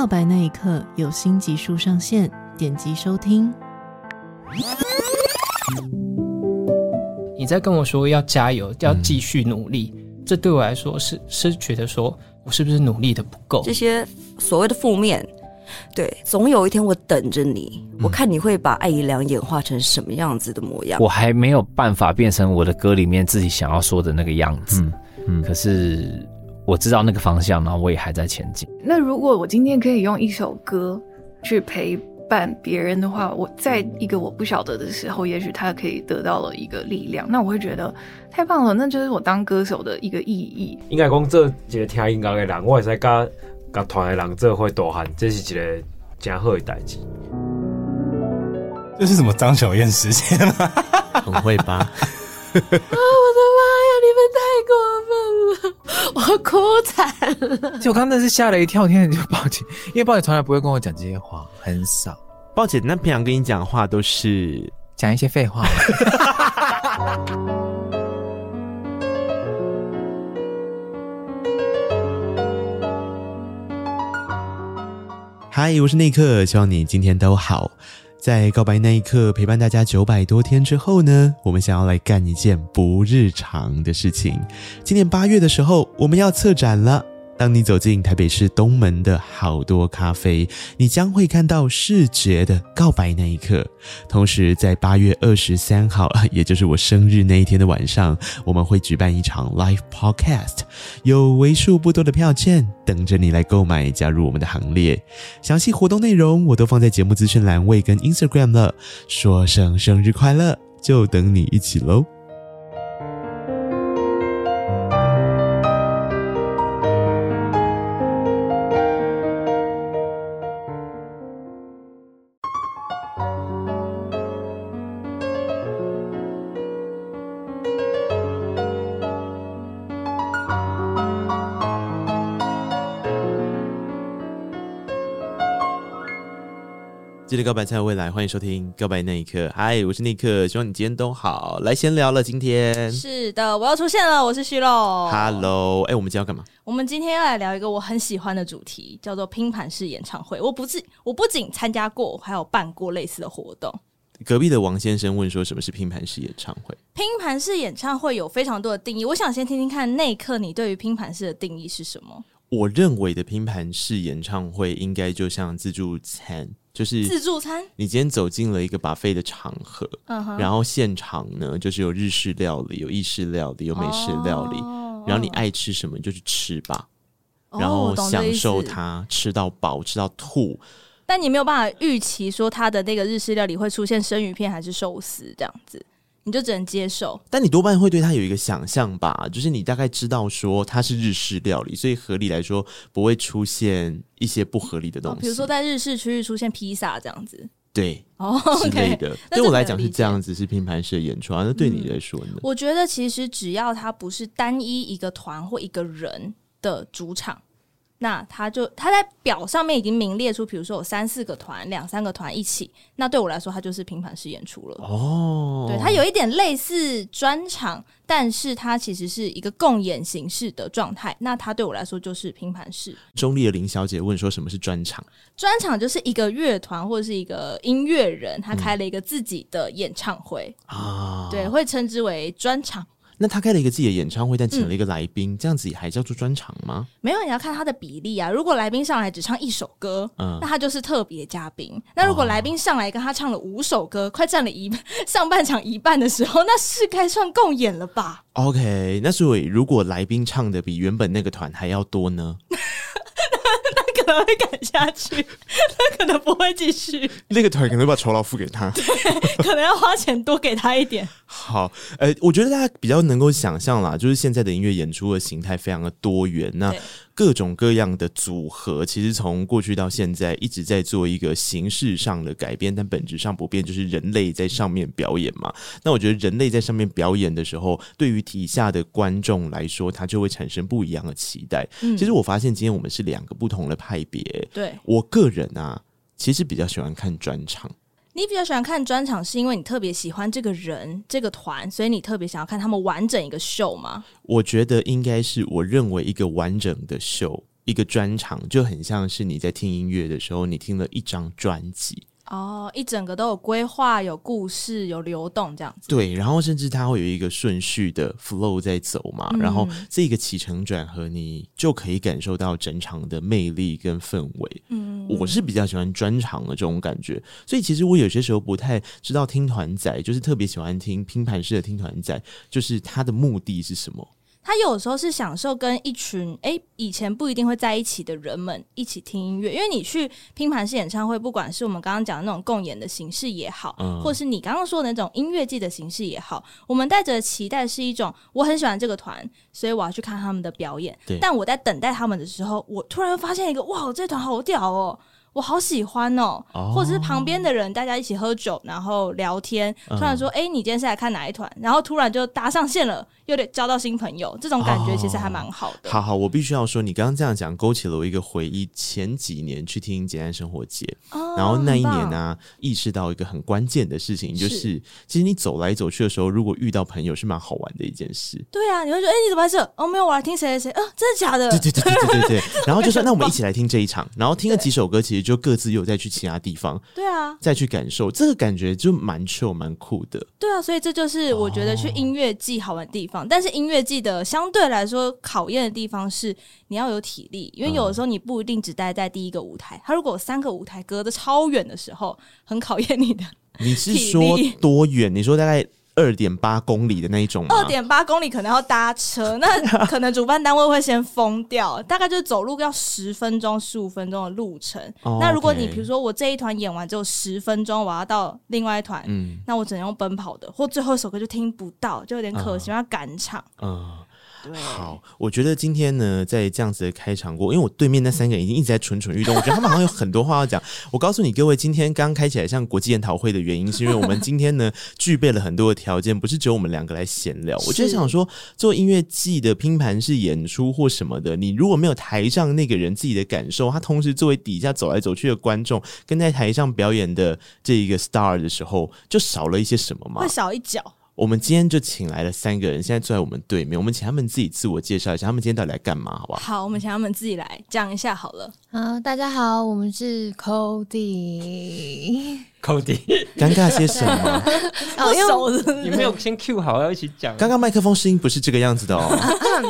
告白那一刻，有新集數上線，點擊收聽。你在跟我說要加油，要繼續努力、嗯，這對我來說是是覺得說我是不是努力的不夠？這些所謂的負面，對，總有一天我等着你、嗯，我看你會把艾怡良演化成什麼樣子的模樣。我還沒有辦法變成我的歌裡面自己想要說的那個樣子，嗯嗯、可是。我知道那個方向，然後我也還在前進。那如果我今天可以用一首歌去陪伴別人的話，我在一個我不曉得的時候，也許他可以得到了一個力量。那我會覺得太棒了，那就是我當歌手的一個意義。應該說這幾個聽音樂的人，我也在跟跟團的人，這會多喊，這是一個很好的代誌。這是什麼張小燕時間？很會吧？ 啊！我的媽呀！你們太過分了， 我哭慘了。就我剛才是嚇了一跳，天見就抱警，因為抱警從來不會跟我講這些話，很少。抱警那平常跟你講話都是講一些廢話。嗨， 我是內克，希望你今天都好。在告白那一刻，陪伴大家九百多天之後呢，我們想要來幹一件不日常的事情。今年八月的時候，我們要策展了。當你走進台北市東門的好多咖啡，你將會看到視覺的告白那一刻。同時，在八月二十三號，也就是我生日那一天的晚上，我們會舉辦一場 live podcast，有為數不多的票券等着你來購買，加入我們的行列。詳細活動內容我都放在節目資訊欄位跟 Instagram 了。說聲生日快樂，就等你一起嘍！告白才有未來，歡迎收聽《告白那一刻》。嗨，我是內克，希望你今天都好。來閒聊了，今天是的，我要出現了，我是しろ。Hello，欸，我們今天要幹嘛？我們今天要來聊一個我很喜歡的主題，叫做拼盤式演唱會。我不是，我不僅參加過，還有辦過類似的活動。隔壁的王先生問說：“什麼是拼盤式演唱會？”拼盤式演唱會有非常多的定義，我想先聽聽看內克你對於拼盤式的定義是什麼？我認為的拼盤式演唱會應該就像自助餐。就是自助餐，你今天走進了一個 buffet 的場合，uh -huh. 然後現場呢，就是有日式料理、有意式料理、有美式料理，oh, 然後你愛吃什麼你就去吃吧，oh, 然後享受它，吃到飽、oh, 吃到吐。但你沒有辦法預期說它的那個日式料理會出現生魚片還是壽司這樣子。你就只能接受，但你多半會對他有一個想象吧，就是你大概知道說它是日式料理，所以合理來說不會出現一些不合理的東西，哦、比如說在日式區域出現披薩這樣子，對，哦之類的。Okay, 對我來講是這樣子，是拼盤式的演出，啊，那對你來說呢？嗯、我覺得其實只要它不是單一一個團或一個人的主場。那他就他在表上面已經明列出，比如說有三四個團、兩三個團一起，那對我來說，它就是拼盤式演出了。哦、oh.，對，它有一點類似專場，但是它其實是一個共演形式的狀態。那它對我來說就是拼盤式。中立的林小姐問說：“什麼是專場？”專場就是一個樂團或者是一個音樂人，他開了一個自己的演唱會啊，oh. 對，會稱之為專場。那他開了一個自己的演唱會，但請了一個來賓、嗯，這樣子還叫做專場嗎？沒有，你要看他的比例啊。如果來賓上來只唱一首歌，嗯，那他就是特別嘉賓。那如果來賓上來跟他唱了五首歌，哦、快佔了一半，上半場一半的時候，那是該算共演了吧？OK，那所以如果來賓唱的比原本那個團還要多呢？ 可能會趕下去，他可能不會繼續。 那個團可能會把酬勞付給他， 對，可能要花錢多給他一點。 好，呃，我覺得大家比較能夠想象啦，就是現在的音樂演出的形態非常的多元。那。各種各樣的組合，其實從過去到現在一直在做一個形式上的改變，但本質上不變，就是人類在上面表演嘛。那我覺得人類在上面表演的時候，對於底下的觀眾來說，他就會產生不一樣的期待。嗯，其實我發現今天我們是兩個不同的派別。對。我個人啊，其實比較喜歡看專場。你比較喜歡看專場，是因為你特別喜歡這個人、這個團，所以你特別想要看他們完整一個秀嗎？我覺得應該是，我認為一個完整的秀、一個專場，就很像是你在聽音樂的時候，你聽了一張專輯。哦、oh，一整個都有規劃，有故事，有流動這樣子。對，然後甚至它會有一個順序的 flow 在走嘛，嗯、然後這個起承轉合，你就可以感受到整場的魅力跟氛圍。嗯，我是比較喜歡專場的這種感覺，所以其實我有些時候不太知道聽團仔，就是特別喜歡聽拼盤式的聽團仔，就是它的目的是什麼？他有時候是享受跟一群哎、欸、以前不一定會在一起的人們一起聽音樂，因為你去拼盤式演唱會，不管是我們剛剛講的那種共演的形式也好，嗯、或是你剛剛說的那種音樂季的形式也好，我們帶着期待是一種我很喜歡這個團，所以我要去看他們的表演。但我在等待他們的時候，我突然發現一個哇，這團好屌哦，我好喜歡哦，哦或者是旁邊的人大家一起喝酒然後聊天，突然說哎、嗯欸，你今天是來看哪一團？然後突然就搭上線了。有點交到新朋友，這種感覺其實還蠻好的。Oh, 好好，我必須要說，你剛剛這樣講勾起了我一個回憶。前幾年去聽簡單生活節，oh, 然後那一年呢、啊，意識到一個很關鍵的事情，就是，是其實你走來走去的時候，如果遇到朋友，是蠻好玩的一件事。對啊，你會說，哎、欸，你怎麼在這？哦，沒有，我來聽誰誰誰。啊，真的假的？對對對對對對。 然後就說，那我們一起來聽這一場。然後聽了幾首歌，其實就各自又再去其他地方。對啊，再去感受這個感覺就蠻 chill 蠻酷的。對啊，所以這就是我覺得去音樂祭好玩的地方。Oh. 但是音樂季的相對來說考驗的地方是，你要有體力，因為有的時候你不一定只待在第一個舞台，嗯、它如果三個舞台隔得超遠的時候，很考驗你的。你是說多遠？你說大概？二點八公里的那一種，二點八公里可能要搭車，那可能主辦單位會先封掉， 大概就是走路要十分鐘十五分鐘的路程。Oh, okay. 那如果你比如說我這一團演完之後十分鐘我要到另外一團、嗯，那我只能用奔跑的，或最後一首歌就聽不到，就有點可惜，oh. 要趕場。Oh. 對好，我覺得今天呢，在這樣子的開場過，因為我對面那三個人已經一直在蠢蠢欲動，嗯、我覺得他們好像有很多話要講。 我告訴你各位，今天剛,剛開起來像國際研討會的原因，是因為我們今天呢 具備了很多的條件，不是只有我們兩個來閒聊。我就想說，做音樂季的拼盤式演出或什麼的，你如果沒有台上那個人自己的感受，他同時作為底下走來走去的觀眾，跟在台上表演的這一個 star 的時候，就少了一些什麼嗎？會少一角。我們今天就請來了三個人，現在坐在我們對面。我們請他們自己自我介紹一下，他們今天到底來幹嘛？好不好，好，我們請他們自己來講一下好了。啊、嗯，大家好，我們是 Codie。Codie，尷尬些什麼？ 哦，因為你沒有先 Q 好，要一起講。剛剛麥克風聲音不是這個樣子的哦。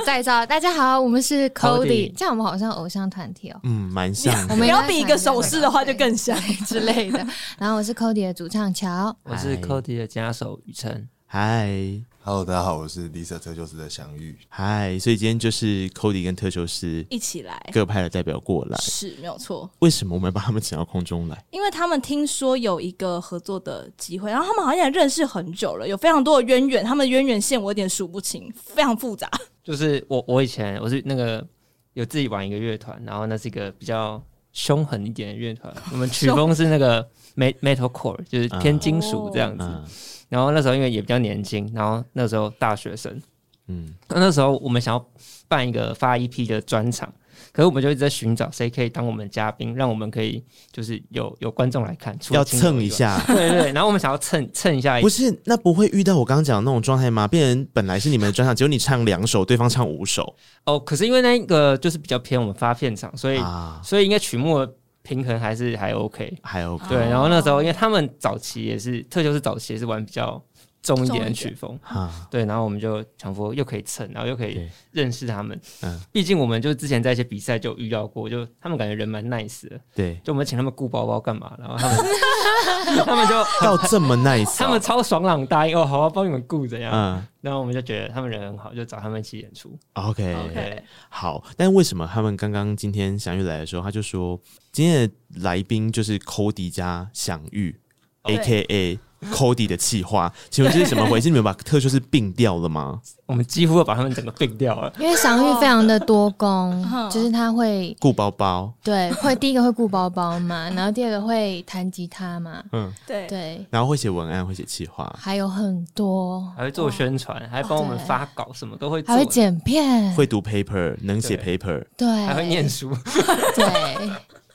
在照。大家好，我們是 Codie。這樣我們好像偶像團體哦。嗯，蠻像。我們要比一個手勢的話，就更像 之類的。然後我是 Codie 的主唱喬，我是 Codie 的吉他手宇晨嗨哈嘍，Hello, 大家好，我是 Lisa 忒修斯的祥玉。嗨，所以今天就是 Codie 跟忒修斯一起來，各派的代表過來，來是，沒有錯。為什麼我們要把他們請到空中來？因為他們聽說有一個合作的機會，然後他們好像認識很久了，有非常多的淵源，他們的淵源線我有點數不清，非常複雜。就是我，我以前我是那個有自己玩一個樂團，然後那是一個比較凶狠一點的樂團， 我們曲風是那個。 Metal Core 就是偏金屬這樣子，嗯嗯，然後那時候因為也比較年輕，然後那時候大學生，嗯，那那時候我們想要辦一個發 EP 的專場，可是我們就一直在尋找誰可以當我們的嘉賓，讓我們可以就是有有觀眾來看，要蹭一下，對，對對，然後我們想要蹭 蹭一下一，不是，那不會遇到我剛剛講的那種狀態嗎？變成本來是你們的專場，只有你唱兩首，對方唱五首，哦，可是因為那個就是比較偏我們發片場，所以、啊、所以應該曲目。平衡還是還 OK，還 OK 對，哦、然後那個時候因為他們早期也是，忒修斯早期也是玩比較中一點曲風，啊，對，然後我們就強迫，又可以蹭，然後又可以認識他們。嗯，畢竟我們就之前在一些比賽就遇到過，就他們感覺人蠻 nice 的。對，就我們請他們顧包包幹嘛，然後他們 他們就要這麼 nice，他們超爽朗答應哦，好，幫你們顧這樣。嗯，然後我們就覺得他們人很好，就找他們一起演出。OK，OK，okay, okay. 好。但為什麼他們剛剛今天翔宇來的時候，他就說今天的來賓就是 Cody 加翔宇 AKA。Codie 的企劃，請問這是怎麼回事？你們把忒修斯併掉了嗎？我們幾乎要把他們整個併掉了。因為祥玉非常的多工，哦、就是他會顧包包，對，會第一個會顧包包嘛，然後第二個會彈吉他嘛，嗯，對對，然後會寫文案，會寫企劃，還有很多，還會做宣傳，還幫我們發稿，哦、什麼都會，還會剪片，會讀 paper，能寫 paper，對，對，還會念書，對。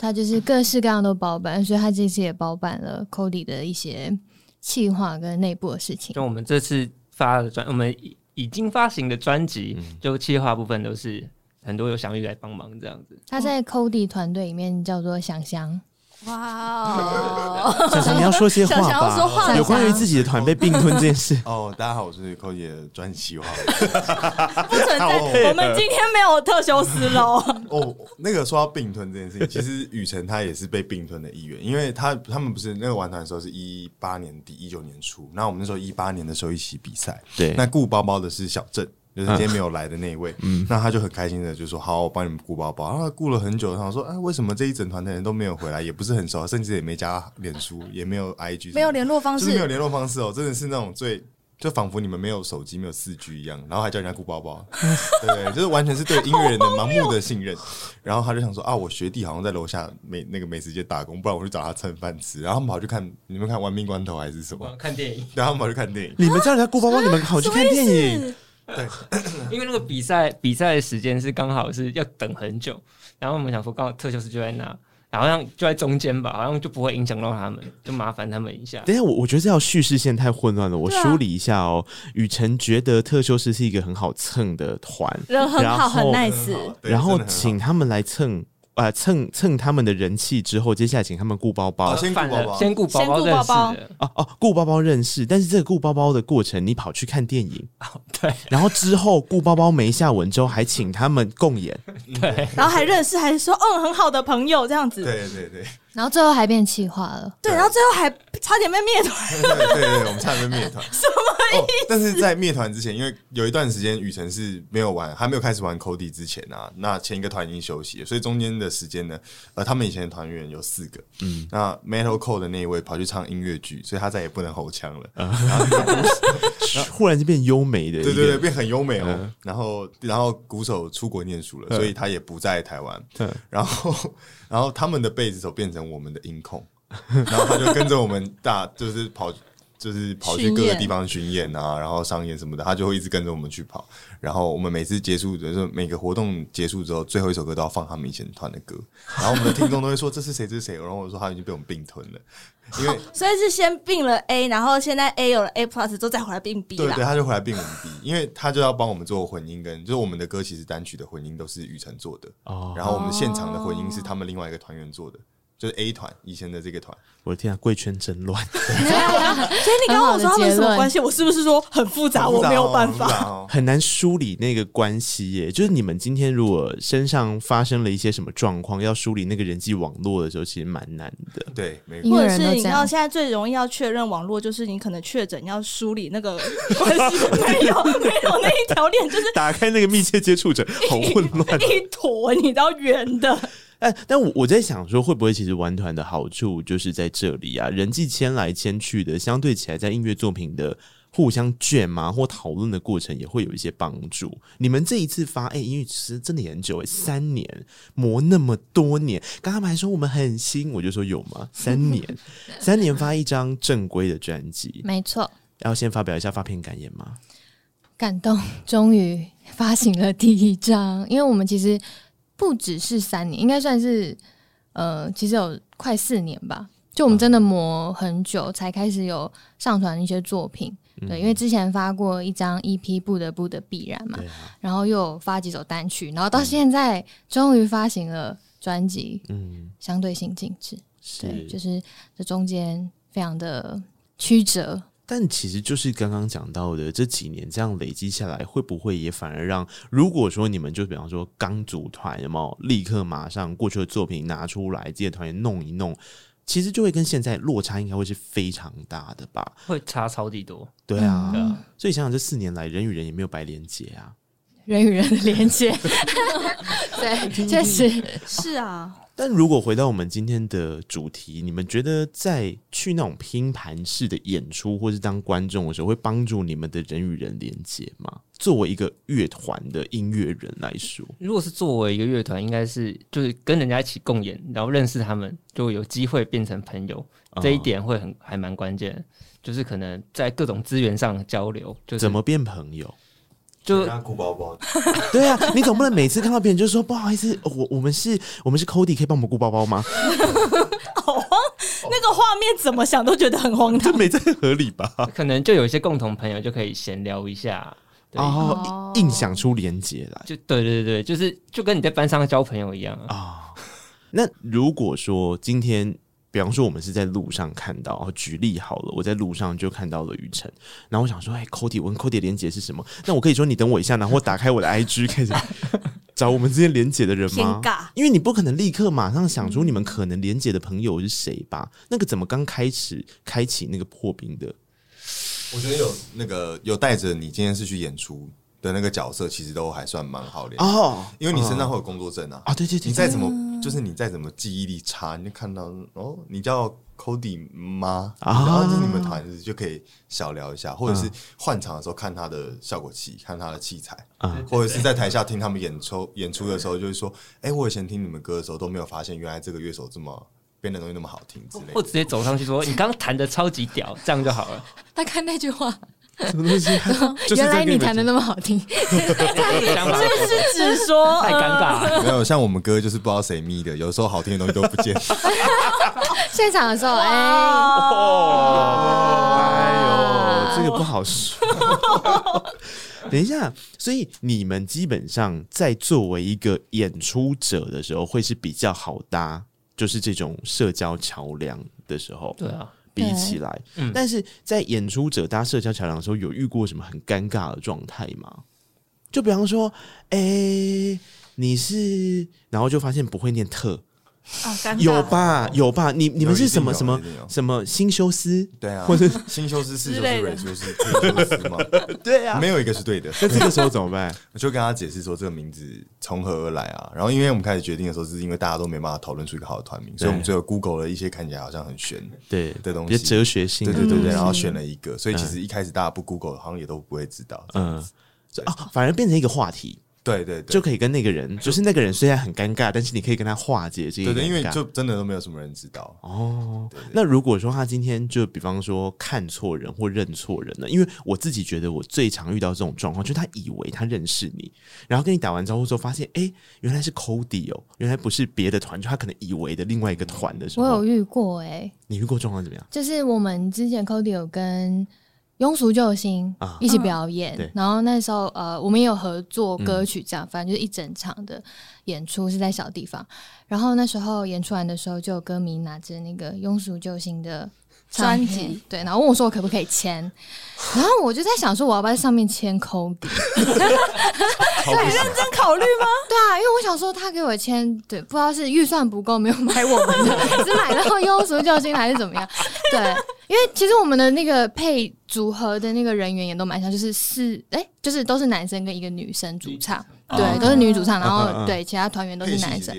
他就是各式各樣都包辦，所以他這次也包辦了 Cody 的一些企劃跟內部的事情。就我們這次發的專，我們已已經發行的專輯，嗯，就企劃部分都是很多由祥玉來幫忙這樣子。他在 Cody 團隊裡面叫做祥祥。嗯嗯哇、wow！哦，小強，你要說些話吧？有關於自己的團被併吞這件事。 哦，大家好，我是 Codie 姐，專輯計劃。不存在， 我們今天沒有忒修斯嘍 哦，那個說到併吞這件事情，其實雨辰他也是被併吞的一員，因為他他們不是那個玩團的時候是一八年底一九年初，那我們那時候一八年的時候一起比賽，對，那顧包包的是小鄭。就是今天沒有來的那一位，嗯、那他就很開心的就說：“好，我幫你們顧包包。”然後他顧了很久，他想說：“啊，為什麼這一整團的人都沒有回來？也不是很熟，甚至也沒加臉書，也沒有 IG，沒有聯絡方式，就是、沒有聯絡方式哦、喔！真的是那種最……就仿佛你們沒有手機，沒有四 G 一樣。”然後還叫人家顧包包， 對,對,對，就是完全是對音樂人的盲目的信任。 然後他就想說：“啊，我學弟好像在樓下美那個美食街打工，不然我去找他蹭飯吃。”然後他們跑去看你們看玩命關頭還是什麼？看電影，然後他們跑去看電影。啊、你們叫人家顧包包、啊，你們跑去看電影。對， 因為那個比賽比賽的時間是剛好是要等很久，然後我們想說剛好忒修斯就在那，然後像就在中間吧，好像就不會影響到他們，就麻煩他們一下。但是，我我覺得這條敘事線太混亂了，我梳理一下哦。啊、雨辰覺得忒修斯是一個很好蹭的團，人很好，很 nice，然，然後請他們來蹭。啊、呃，蹭蹭他們的人氣之後，接下來請他們顧包包、哦、包包，先顧包包，先顧包包，哦哦，顧包包認識，但是這個顧包包的過程，你跑去看電影，哦、對，然後之後顧 包包沒下文，之後還請他們共演對、嗯，對，然後還認識，還是說嗯、哦，很好的朋友這樣子，對對對、對。然後最後還變氣化了，對，對，然後最後還差點被滅團，對對對，我們差點被滅團，什麼意思？哦、但是在滅團之前，因為有一段時間雨辰是沒有玩，還沒有開始玩 Cody 之前啊，那前一個團已經休息了，所以中間的時間呢，呃，他們以前的團員有四個，嗯，那 Metal Core 的那一位跑去唱音樂劇，所以他再也不能吼腔了，嗯，然後，然後忽然就變優美的，對對對，變很優美哦，嗯、然後然後鼓手出國念書了，嗯、所以他也不在台灣，對、嗯，然後，然後他們的貝斯手變成我們的音控， 然後他就跟着我們大， 就是跑，就是跑去各個地方巡演啊，然後商演什麼的，他就會一直跟着我們去跑。然後我們每次結束，就是每個活動結束之後，最後一首歌都要放他們以前團的歌。然後我們的聽眾都會說這是誰， 這是誰。然後我就說他已經被我們併吞了，因為所以是先併了 A，然後現在 A 有了 A Plus，之後再回來並 B。對對，他就回來併我們 B，因為他就要幫我們做混音跟，就是我們的歌其實單曲的混音都是雨辰做的哦。Oh. 然後我們現場的混音是他們另外一個團員做的。就是 A 團以前的這個團，我的天啊，貴圈真亂！ 所以你剛剛我說他們什麼關係？我是不是說很複雜？哦、我沒有辦法很、哦，很難梳理那個關係耶。就是你們今天如果身上發生了一些什麼狀況，要梳理那個人際網絡的時候，其實蠻難的。對，沒關係。或者是你要現在最容易要確認網絡，就是你可能確診要梳理那個關係， 沒有沒有那一條鏈，就是 打開那個密切接觸者，好混亂、喔，一坨你到圓的。 哎，但我我在想說，會不會其實玩團的好處就是在這裡啊？人際牽來牽去的，相對起來，在音樂作品的互相卷嘛，或討論的過程，也會有一些幫助。你們這一次發哎，因、欸、為其實真的很久、欸，三年磨那麼多年。剛剛還說我們很新，我就說有嗎？三年， 三年發一張正規的專輯，沒錯。要先發表一下發片感言嗎？感動，終於發行了第一張， 因為我們其實。不只是三年，應該算是，呃，其實有快四年吧。就我們真的磨很久，哦、才開始有上傳一些作品、嗯。對，因為之前發過一張 EP《不得不的必然》嘛、啊，然後又發幾首單曲，然後到現在終於、嗯、發行了專輯。嗯，相對性靜止。是對，就是這中間非常的曲折。但其實就是剛剛講到的，這幾年這樣累積下來，會不會也反而讓如果說你們就比方說剛組團嘛，立刻馬上過去的作品拿出來，自己的團員弄一弄，其實就會跟現在落差應該會是非常大的吧？會差超級多，對啊、嗯。所以想想這四年來，人與人也沒有白連接啊，人與人的連接 對，確、就、實、是、 是啊。但如果回到我們今天的主題，你們覺得在去那種拼盤式的演出，或是當觀眾的時候，會幫助你們的人與人連接嗎？作為一個樂團的音樂人來說，如果是作為一個樂團，應該是就是跟人家一起共演，然後認識他們，就有機會變成朋友。嗯、這一點會很還蠻關鍵，就是可能在各種資源上交流，就是、怎麼變朋友。就顧包包， 對啊，你總不能每次看到別人就說不好意思，我我們是我們是 Codie，可以幫我們顧包包嗎？哦 那個畫面怎麼想都覺得很荒唐，這 沒在合理吧？ 可能就有一些共同朋友就可以閒聊一下，哦，硬、oh, 想出連結來， 就對對對對，就是就跟你在班上交朋友一樣啊。 那如果說今天。比方說，我們是在路上看到，舉例好了，我在路上就看到了雨晨。然後我想說，哎、欸、Codie 我跟 Codie 連結是什麼？那我可以說，你等我一下，然後我打開我的 IG 開始找我們之間連結的人嗎？因為你不可能立刻馬上想出你們可能連結的朋友是誰吧？那個怎麼剛開始開啟那個破冰的？我覺得有那個有帶着你今天是去演出的那個角色，其實都還算蠻好連哦，因為你身上會有工作證啊，啊、哦哦、對對對，對，你再怎麼。就是你再怎麼記憶力差，你就看到哦，你叫 Cody 嗎？啊，然後你們團子就可以小聊一下，或者是換場的時候看他的效果器，看他的器材，嗯、或者是在台下聽他們演出，嗯、演出的時候，就是說，哎、欸，我以前聽你們歌的時候都沒有發現，原來這個樂手這麼編的東西那麼好聽之類的，或直接走上去說， 你剛剛彈的超級屌，這樣就好了，大概那句話。什麼東西？原來你彈的那麼好聽 是，太尷 是，是，是直說， 太尷尬了。 沒有像我們哥，就是不知道誰咪的，有時候好聽的東西都不見。 現場的時候，哎、欸，哦，哎呦，這個不好說。 等一下，所以你們基本上在作為一個演出者的時候，會是比較好搭，就是這種社交橋梁的時候。對啊。比起來，嗯，但是在演出者搭社交橋樑的時候，有遇過什麼很尷尬的狀態嗎？就比方說，誒、欸，你是，然後就發現不會念特。啊、有吧，有吧，你你們是什麼什麼什麼忒修斯？對啊，或者 新修斯是修斯人修斯， 對啊，沒有一個是對的。那這個時候怎麼辦？我對 就跟他解釋說這個名字從何而來啊，然後因為我們開始決定的時候，是因為大家都沒辦法討論出一個好的團名，所以我們最後 Google 了一些看起來好像很玄的對,對的東西，哲學性，對對對、嗯、然後選了一個、嗯。所以其實一開始大家不 Google 好像也都不會知道這，嗯、呃，啊，反而變成一個話題。對對對，就可以跟那個人，就是那個人雖然很尷尬，但是你可以跟他化解這個尷尬，對，因為就真的都沒有什麼人知道哦對對對。那如果說他今天就比方說看錯人或認錯人了，因為我自己覺得我最常遇到這種狀況，就是他以為他認識你，然後跟你打完招呼之後，發現哎、欸，原來是 Cody 哦，原來不是別的團，就他可能以為的另外一個團的時候，我有遇過哎、欸，你遇過狀況怎麼樣？就是我們之前 Cody 有跟。庸俗救星一起表演，啊啊、然後那時候呃，我們也有合作歌曲，這樣反正就是一整場的演出，嗯、是在小地方。然後那時候演出完的時候，就有歌迷拿着那個庸俗救星的。專輯對，然後問我說我可不可以簽，然後我就在想說我要不要在上面簽 Codie，對，認真考慮嗎？對啊，因為我想說他給我簽，對，不知道是預算不夠沒有買我們的，只 買到庸俗救星 還是怎麼樣？對，因為其實我們的那個配組合的那個人員也都蠻像，就是是哎、欸，就是都是男生跟一個女生主唱，對，啊、都是女主唱，然後啊啊對其他團員都是男生。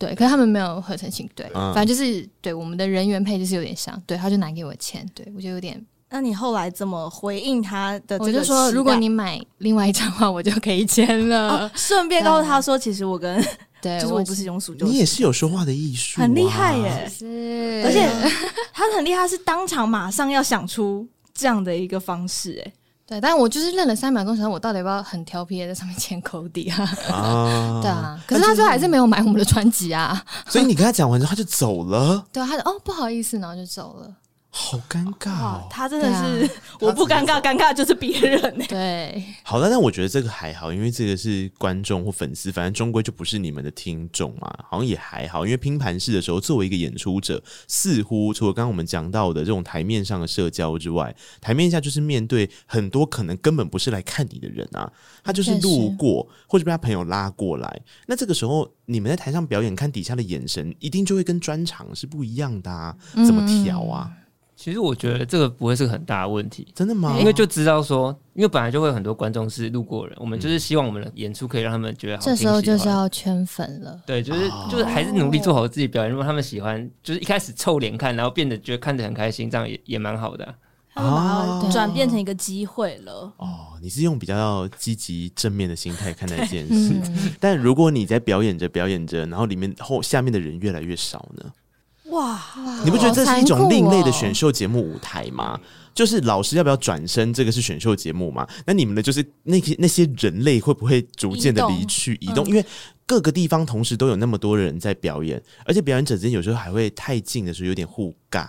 對，可是他們沒有合成性。對，嗯、反正就是對我們的人員配置是有點像。對，他就拿給我簽，對我就有點。那你後來怎麼回應他的這個？我就說，如果你買另外一張的話，我就可以簽了。順、哦、便告訴他說，其實我跟對，就是我不是庸俗、就是。你也是有說話的藝術、啊，很厲害耶、欸！就是，而且他很厲害，是當場馬上要想出這樣的一個方式、欸，哎。對，但我就是愣了三秒鐘，想我到底要不要很調皮在上面簽 Codie 啊，啊呵呵。對啊，可是他最後還是沒有買我們的專輯啊。所以你跟他講完之後，他就走了。 對，他說：“哦，不好意思。”然後就走了。好尷尬、哦哦，他真的是、啊、我不尷尬，尷尬就是別人、欸。對，好的，但我覺得這個還好，因為這個是觀眾或粉絲，反正終歸就不是你們的聽眾嘛，好像也還好。因為拼盤式的時候，作為一個演出者，似乎除了剛剛我們講到的這種台面上的社交之外，台面下就是面對很多可能根本不是來看你的人啊，他就是路過或者被他朋友拉過來。那這個時候，你們在台上表演，看底下的眼神一定就會跟專場是不一樣的啊，怎麼調啊？嗯其實我覺得這個不會是個很大的問題，真的嗎？因為就知道說，因為本來就會有很多觀眾是路過人，我們就是希望我們的演出可以讓他們覺得好聽、嗯嗯、覺得好聽，這時候就是要圈粉了，對，就是、哦、就是還是努力做好自己表演，如果他們喜歡。就是一開始臭臉看，然後變得覺得看得很開心，這樣也也蠻好的、啊，哦、啊啊啊，對，轉變成一個機會了。哦，你是用比較積極正面的心態看待一件事，嗯、 但如果你在表演着表演着，然後裡面後下面的人越來越少呢？哇，你不覺得這是一種另類的選秀節目舞台嗎、哦？就是老師要不要轉身？這個是選秀節目嘛？那你們的就是那些那些人類會不會逐漸的離去移動、移動？因為各個地方同時都有那麼多人在表演，嗯、而且表演者之間有時候還會太近的時候有點互尬，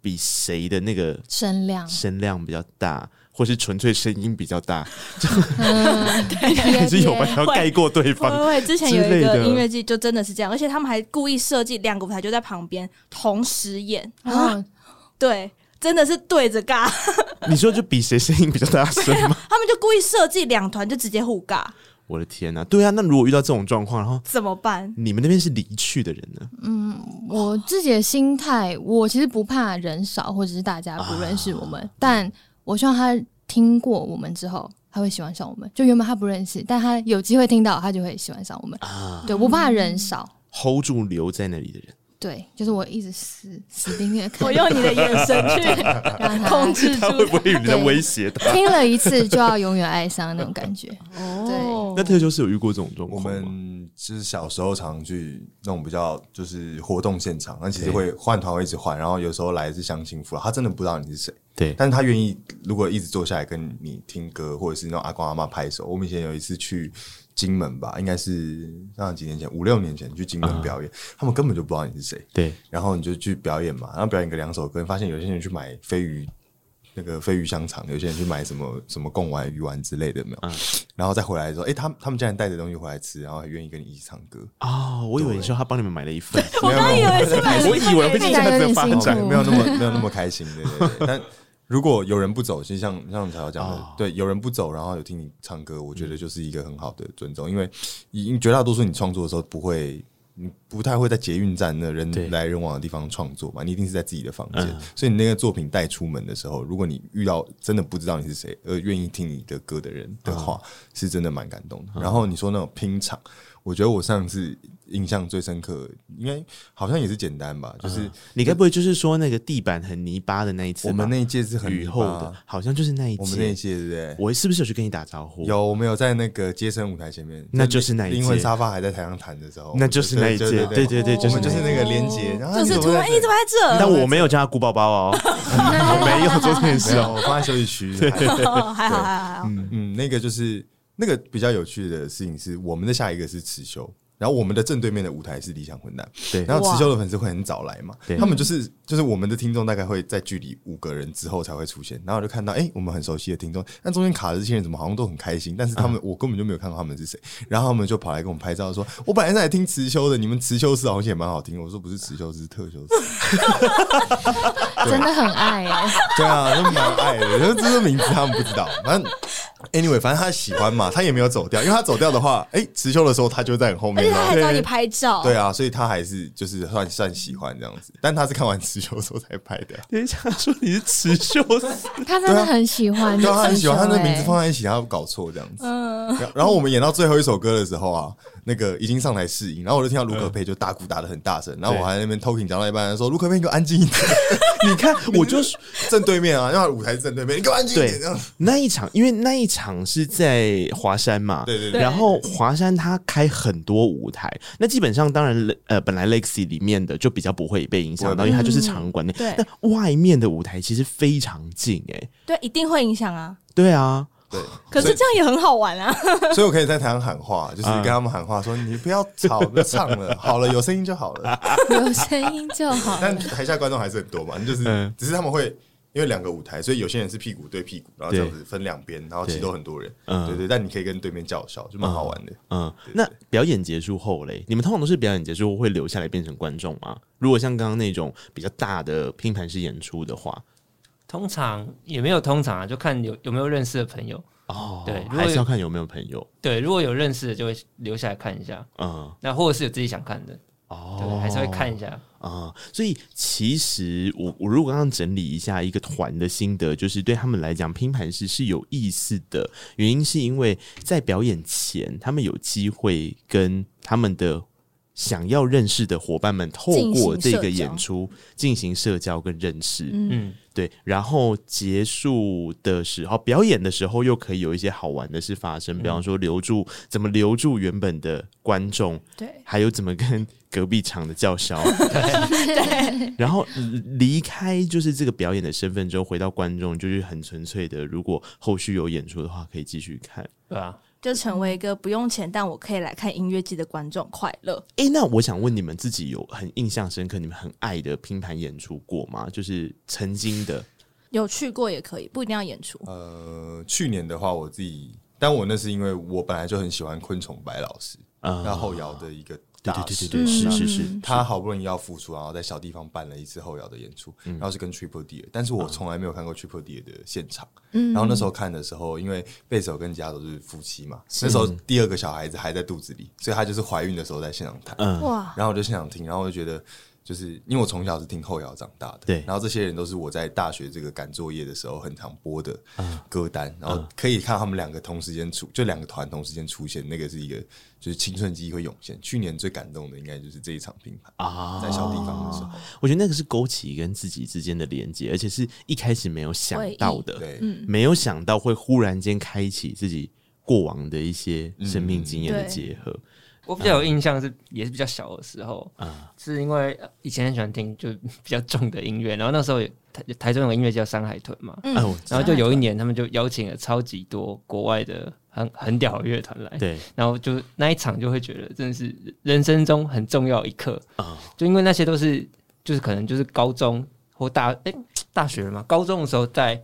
比誰的那個聲量聲量比較大。或是純粹聲音比較大，就嗯、 還是有把要蓋過對方、啊啊會會。之前有一個音樂劇就真的是這樣，而且他們還故意設計兩個舞台就在旁邊同時演。嗯、啊啊，對，真的是對着尬。 你說就比誰聲音比較大聲嗎？嗎？他們就故意設計兩團就直接互尬。我的天哪、啊！對啊，那如果遇到這種狀況，然後怎麼辦？你們那邊是離去的人呢？嗯，我自己的心態，我其實不怕人少，或者是大家不認識我們，啊、但。我希望他聽過我們之後，他會喜歡上我們。就原本他不認識，但他有機會聽到，他就會喜歡上我們。啊，對，不怕人少，嗯，hold 住留在那裡的人。對，就是我一直死死盯着看。 我用你的眼神去控制住他，會不會有點威脅？聽了一次就要永遠愛上那種感覺。哦，對。那忒修斯有遇過這種狀況嗎？我們其實小時候常常去那種比較就是活動現場，但其實會換團會一直換，然後有時候來一次相親婦他真的不知道你是誰。對。但是他願意，如果一直坐下來跟你聽歌，或者是那種阿公阿媽拍手。我們以前有一次去。金門吧，應該是上幾年前五六年前去金門表演，啊，他們根本就不知道你是誰，對。然後你就去表演嘛，然後表演個兩首歌，發現有些人去買飛魚那個飛魚香腸，有些人去買什麼什麼貢丸魚丸之類的沒有，啊，然後再回來的時候，哎，欸，他們他們家人帶着東西回來吃，然後還願意跟你一起唱歌。啊，哦，我以為你說他幫你們買了一份，沒有，沒有我以為沒有 是是，我以為是不記真的沒有只發展，沒有那麼， 沒有那麼沒有那麼開心對、對、對 但。如果有人不走，其實像像才要講的，oh. 對，有人不走，然後有聽你唱歌，我覺得就是一個很好的尊重，因為，已經絕大多數你創作的時候不會，你不太會在捷運站那人來人往的地方創作嘛，你一定是在自己的房間，uh. 所以你那個作品帶出門的時候，如果你遇到真的不知道你是誰而願意聽你的歌的人的話，uh. 是真的蠻感動的。Uh. 然後你說那種拼場。我覺得我上次印象最深刻，應該好像也是簡單吧，就是、嗯、你該不會就是說那個地板很泥巴的那一次？我們那一屆是很雨後的，好像就是那一屆，我們那一屆對不對？我是不是有去跟你打招呼？有，我們有在那個街聲舞台前面，那就是那一屆，因為沙發還在台上彈的時候，那就是那一屆對，對對對，對、哦，我們就是那個連結，就、哦啊、是突然哎怎麼在這？但我沒有叫他顧包包哦， 我沒有昨天的時候，沒有，我放在休息區， 還好還好還好，嗯嗯，那個就是。那個比較有趣的事情是，我們的下一個是忒修斯。然後我們的正對面的舞台是理想混蛋，對。然後辭修的粉絲會很早來嘛，對，他們就是就是我們的聽眾，大概會在距離五個人之後才會出現。然後就看到，哎，我們很熟悉的聽眾，但中間卡的這些人怎麼好像都很開心？但是他們、啊、我根本就沒有看到他們是誰。然後他們就跑來跟我們拍照說，說我本來在聽辭修的，你們辭修斯好像也蠻好聽。我說不是辭修斯，是忒修斯、 啊。真的很愛哎、欸。對啊，都蠻愛的， 就這個名字他們不知道。反正 anyway，反正他喜歡嘛，他也沒有走掉，因為他走掉的話，哎，辭修的時候他就在你後面。 他還找你拍照，對，對啊，所以他還是就是算算喜歡這樣子，但他是看完忒修斯的時候才拍的、啊。等一下，說你是忒修斯，他真的是很，喜、啊、 他很喜歡，對，他很喜歡，他那名字放在一起，他不搞錯這樣子。嗯，然後我們演到最後一首歌的時候啊。 那個已經上台試音，然後我就聽到盧可佩就打鼓打得很大聲，嗯，然後我還在那邊 talking，講到一半說：“盧可佩，你給我安靜一點， 你看我就正對面啊，那舞台正對面，你給我安靜一點。對。”那那一場，因為那一場是在華山嘛， 對對對，對，然後華山他開很多舞台，那基本上當然，呃，本來 Legacy 裡面的就比較不會被影響到，因為它就是場館內，那外面的舞台其實非常近，欸，哎，對，一定會影響啊，對啊。對，可是這樣也很好玩啊，所以， 所以我可以在台上喊話，就是跟他們喊話說，說、嗯、你不要吵著唱了， 好了，有聲音就好了 有聲音就好了，有聲音就好。但台下觀眾還是很多嘛，就是，嗯、只是他們會因為兩個舞台，所以有些人是屁股對屁股，然後這樣子分兩邊，然後其中很多人，對，嗯、對，對對。但你可以跟對面叫囂，就蠻好玩的。嗯，對對對嗯，那表演結束後嘞，你們通常都是表演結束後會留下來變成觀眾嗎？如果像剛剛那種比較大的拼盤式演出的話。通常也沒有通常啊，就看有有沒有認識的朋友哦。對，還是要看有沒有朋友。對，如果有認識的，就會留下來看一下。嗯，那或者是有自己想看的哦，對，還是會看一下啊、哦嗯。所以其實我我如果剛剛整理一下一個團的心得，就是對他們來講，拼盤式是有意思的，原因是因為在表演前他們有機會跟他們的。想要認識的夥伴們，透過這個演出進行，進行社交跟認識，嗯，對。然後結束的時候，表演的時候又可以有一些好玩的事發生，嗯，比方說留住怎麼留住原本的觀眾，對，還有怎麼跟隔壁場的叫囂， 對。然後離開就是這個表演的身份之後，回到觀眾就是很純粹的。如果後續有演出的話，可以繼續看，對啊。就成為一個不用錢，但我可以來看音樂祭的觀眾快樂。誒、欸，那我想問你們自己有很印象深刻、你們很愛的拼盤演出過嗎？就是曾經的有去過也可以，不一定要演出。呃，去年的話，我自己，但我那是因為我本來就很喜歡昆蟲白老師啊、嗯、後搖的一個。對對對對對，嗯、是是是,是，他好不容易要復出，然後在小地方辦了一次後搖的演出、嗯，然後是跟 Triple Deer，但是我從來沒有看過 Triple Deer 的現場、嗯，然後那時候看的時候，因為貝手跟家都是夫妻嘛，那時候第二個小孩子還在肚子裡，所以他就是懷孕的時候在現場彈，哇、嗯，然後我就現場聽，然後我就覺得。就是因為我從小是聽後搖長大的，對，然後這些人都是我在大學這個趕作業的時候很常播的歌單，uh, 然後可以看他們兩個同時間出，uh, 就兩個團同時間出現，那個是一個就是青春記憶會湧現。Uh. 去年最感動的應該就是這一場拼盤啊、uh. 在小地方的時候，我覺得那個是勾起跟自己之間的連接，而且是一開始沒有想到的，對、嗯，沒有想到會忽然間開啟自己過往的一些生命經驗的結合。嗯我比較有印象是，也是比較小的時候啊，uh, 是因為以前很喜歡聽就比較重的音樂，然後那時候台台中有個音樂叫山海豚嘛，嗯，然後就有一年他們就邀請了超級多國外的很很屌的樂團來，對，然後就那一場就會覺得真的是人生中很重要的一刻啊，uh, 就因為那些都是就是可能就是高中或大誒、欸、大學了嘛，高中的時候在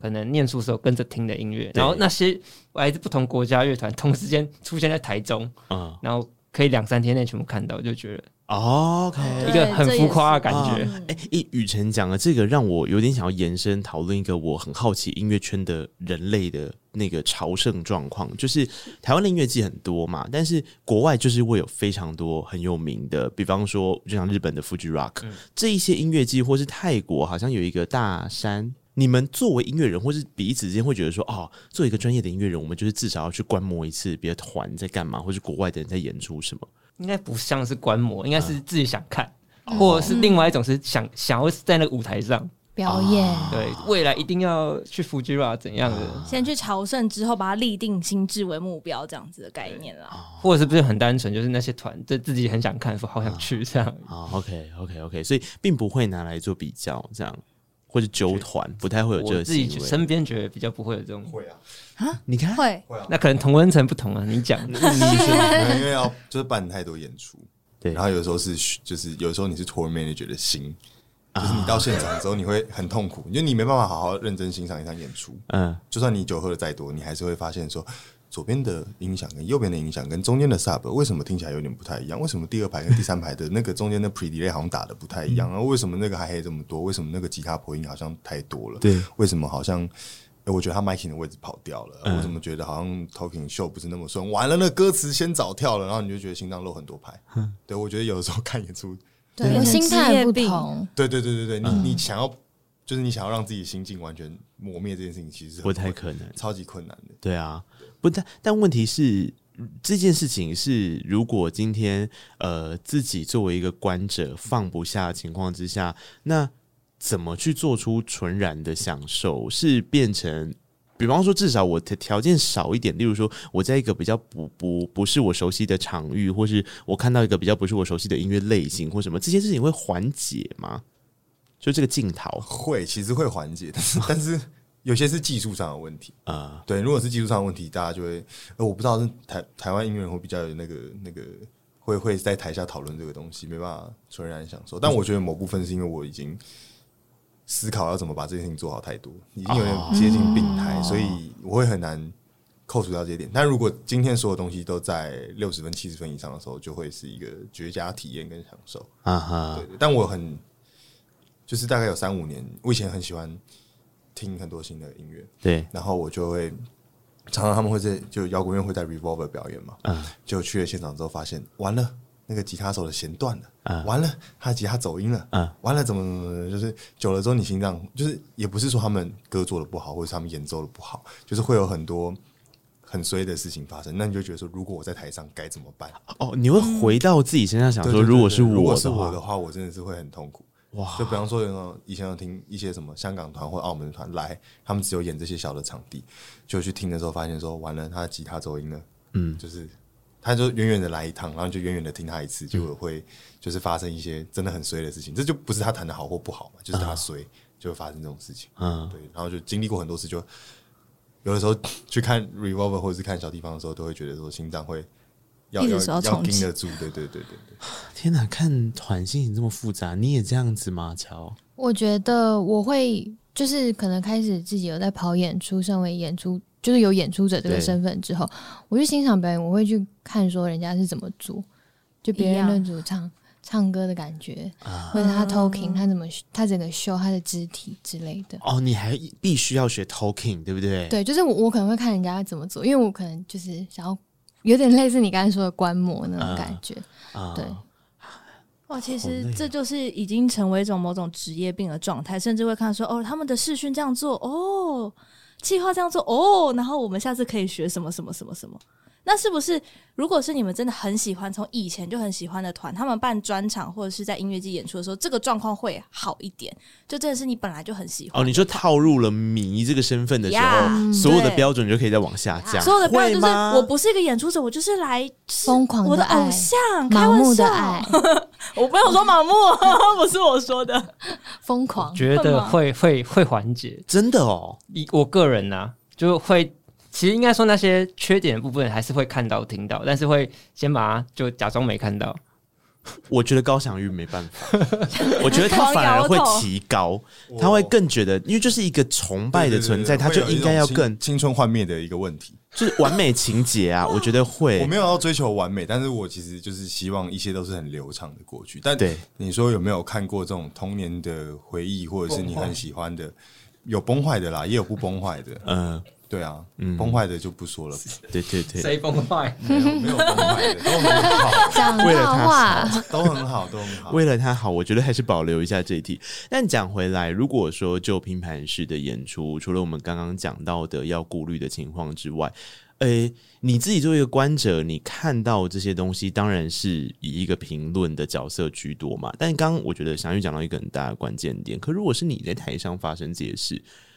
可能念書時候跟着聽的音樂，然後那些。來自不同國家樂團同時間出現在台中，嗯、然後可以兩三天內全部看到，就覺得哦、okay，一個很浮誇的感覺。哎、欸，雨雨辰講的這個，讓我有點想要延伸討論一個我很好奇音樂圈的人類的那個朝聖狀況。就是台灣的音樂季很多嘛，但是國外就是會有非常多很有名的，比方說就像日本的富士 rock，、嗯、這一些音樂季，或是泰國好像有一個大山。你們作為音樂人，或是彼此之間會覺得說啊，做、哦、一個專業的音樂人，我們就是至少要去觀摩一次別的團在幹嘛，或是國外的人在演出什麼？應該不像是觀摩，應該是自己想看、嗯，或者是另外一種是想想要在那個舞台上表演。對，未來一定要去 Fuji Rock 怎樣的？啊、先去朝聖之後，把它立定心智為目標，這樣子的概念啦，啊、或者是不是很單純，就是那些團對自己很想看，說好想去這樣？啊,啊，OK OK OK，所以並不會拿來做比較這樣。或者酒團不太會有這，我自己身邊覺得比較不會有這種。會啊，你看會、啊、會啊，那可能同溫層不同啊。你講， 你什、 嗯、因為要就是辦太多演出，對，然後有時候是就是有時候你是 tour manager 的心，就是你到現場的時候你會很痛苦，oh, okay. 因為你沒辦法好好認真欣賞一場演出。嗯，就算你酒喝的再多，你還是會發現說。左邊的音響跟右邊的音響跟中間的 sub 為什麼聽起來有點不太一樣？為什麼第二排跟第三排的那個中間的 pre delay 好像打得不太一樣後、啊、為什麼那個 hi hat 這麼多？為什麼那個吉他破音好像太多了？對，為什麼好像我覺得他 miking 的位置跑掉了，啊。我怎麼覺得好像 talking show 不是那麼順？完了，那歌詞先早跳了，然後你就覺得心臟漏很多拍。對我覺得有的時候看演出，對心態不同。對對對對對，對，你你想要就是你想要讓自己心境完全磨滅這件事情，其實不太可能，超級困難的。對啊。但但問題是，這件事情是如果今天呃自己作為一個觀者放不下的情況之下，那怎麼去做出純然的享受？是變成，比方說至少我的條件少一點，例如說我在一個比較不不不是我熟悉的場域，或是我看到一個比較不是我熟悉的音樂類型或什麼，這些事情會緩解嗎？就這個鏡頭會，其實會緩解，但是。有些是技術上的問題啊，uh, 對，如果是技術上的問題，大家就會呃，我不知道是台台灣音樂人會比較有那個那個，會會在台下討論這個東西，沒辦法純然享受。但我覺得某部分是因為我已經思考要怎麼把這件事情做好太多，已經有點接近病態，uh-huh. 所以我會很難扣除掉這一點。但如果今天所有東西都在六十分、七十分以上的時候，就會是一個絕佳體驗跟享受啊哈。Uh-huh. 對，但我很就是大概有三五年，我以前很喜歡。聽很多新的音樂，對，然後我就會常常他們會在，在就搖滾樂會在 Revolver 表演嘛，嗯、啊，就去了現場之後發現完了，那個吉他手的弦斷了，啊、完了，他吉他走音了，嗯、啊，完了怎麼怎麼，就是久了之後你心臟就是也不是說他們歌做的不好或者是他們演奏的不好，就是會有很多很衰的事情發生，那你就覺得說如果我在台上該怎麼辦？哦，你會回到自己身上想說，哦、對如果是我的話，如果是我的話，我真的是會很痛苦。就比方說，有以前有聽一些什麼香港團或澳門團來，他們只有演這些小的場地，就去聽的時候，發現說完了，他的吉他走音了。嗯，就是他就遠遠的來一趟，然後就遠遠的聽他一次，就會就是發生一些真的很衰的事情，嗯，這就不是他彈的好或不好嘛，就是他衰，啊，就會發生這種事情，嗯，啊，對，然後就經歷過很多次就，就有的時候去看 Revolver 或者是看小地方的時候，都會覺得說心臟會。要要要盯得住，得住對，對對對對對！天哪，看團心情這麼複雜，你也這樣子嗎？喬，我覺得我會就是可能開始自己有在跑演出，身為演出就是有演出者這個身份之後，我去欣賞表演，我會去看說人家是怎麼做，就別人論主唱唱歌的感覺、啊，或者他 talking，他怎麼他整個 show 他的肢體之類的。哦，你還必須要學 talking，對不對？對，就是我我可能會看人家怎麼做，因為我可能就是想要。有點類似你剛才說的觀摩那種感覺，uh, uh, 對，哇，其實這就是已經成為一種某種職業病的狀態，甚至會看說，哦，他們的視訊這樣做，哦，計劃這樣做，哦，然後我們下次可以學什麼什麼什麼什麼。那是不是，如果是你們真的很喜歡，從以前就很喜歡的團，他們辦專場或者是在音樂節演出的時候，這個狀況會好一點？就真的是你本來就很喜歡哦。你就套入了迷這個身份的時候，yeah, 所有的標準就可以再往下降。所有的標準就是，我不是一個演出者，我就是來瘋狂的愛，我的偶像，盲目的愛。開玩笑 我不要說盲目，不 是我說的瘋 狂，覺得會會會緩解，真的哦。我個人呢、啊，就會。其實應該說那些缺點的部分還是會看到、聽到，但是會先把它就假裝沒看到。我覺得高享欲沒辦法， 我覺得他反而會提高，他會更覺得，因為就是一個崇拜的存在，喔、對對對對，他就應該要更青春幻滅的一個問題，就是完美情節啊。 我覺得會，我沒有要追求完美，但是我其實就是希望一切都是很流暢的過去。但對你說有沒有看過這種童年的回憶，或者是你很喜歡的有崩壞的啦，也有不崩壞的，嗯。對啊，嗯、崩壞的就不說了。對對對，誰崩壞、嗯？沒有崩壞的， 都很好。為了他，都很好，都為了他好。我覺得還是保留一下這一題。但講回來，如果說就拼盤式的演出，除了我們剛剛講到的要顧慮的情況之外，呃、欸，你自己作為一個觀者，你看到這些東西，當然是以一個評論的角色居多嘛。但剛剛我覺得想要講到一個很大的關鍵點，可如果是你在台上發生解釋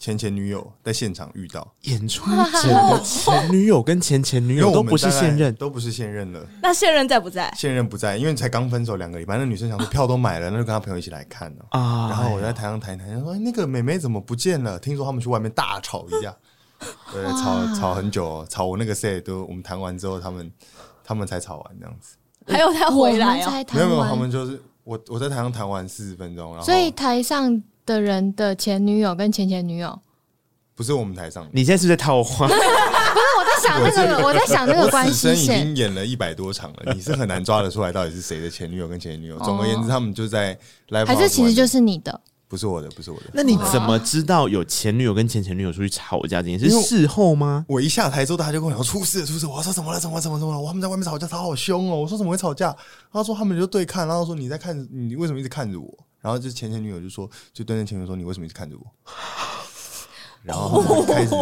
前前女友在現場遇到演出者，前女友跟前前女友都不是現任，都不是現任了。那現任在不在？現任不在，因為才剛分手兩個禮拜。那女生想說票都買了，那就跟她朋友一起來看。喔啊、然後我在台上談一談，說那個妹妹怎麼不見了？聽說他們去外面大吵一架。啊，對，吵吵很久，喔，吵我那個 set 都。我們談完之後，他們他們才吵完這樣子。還有他回來啊、喔欸？沒有沒有，他們就是我我在台上談完四十分鐘，然後所以台上。的人的前女友跟前前女友，不是我們台上的，你現在是，是在套話？ 不是、那個、是，我在想那個，我在想那個關係線，已經演了一百多場了，你是很難抓得出來到底是誰的前女友跟前女友。哦、總而言之，他們就在來，還是其實就是你的？不是我的，不是我的。那你怎麼知道有前女友跟前前女友出去吵架？這件事是事後嗎？我一下台之後，大家就跟我說出事了，出事了。我說怎麼了？怎麼怎麼怎麼了，麼了？他們在外面吵架，吵好凶哦。我說怎麼會吵架？然後說他們就對看，然後說你在看，你為什麼一直看着我？然後就是前前女友就說，就蹲在前面說：“你為什麼一直看着我？” 然後就開始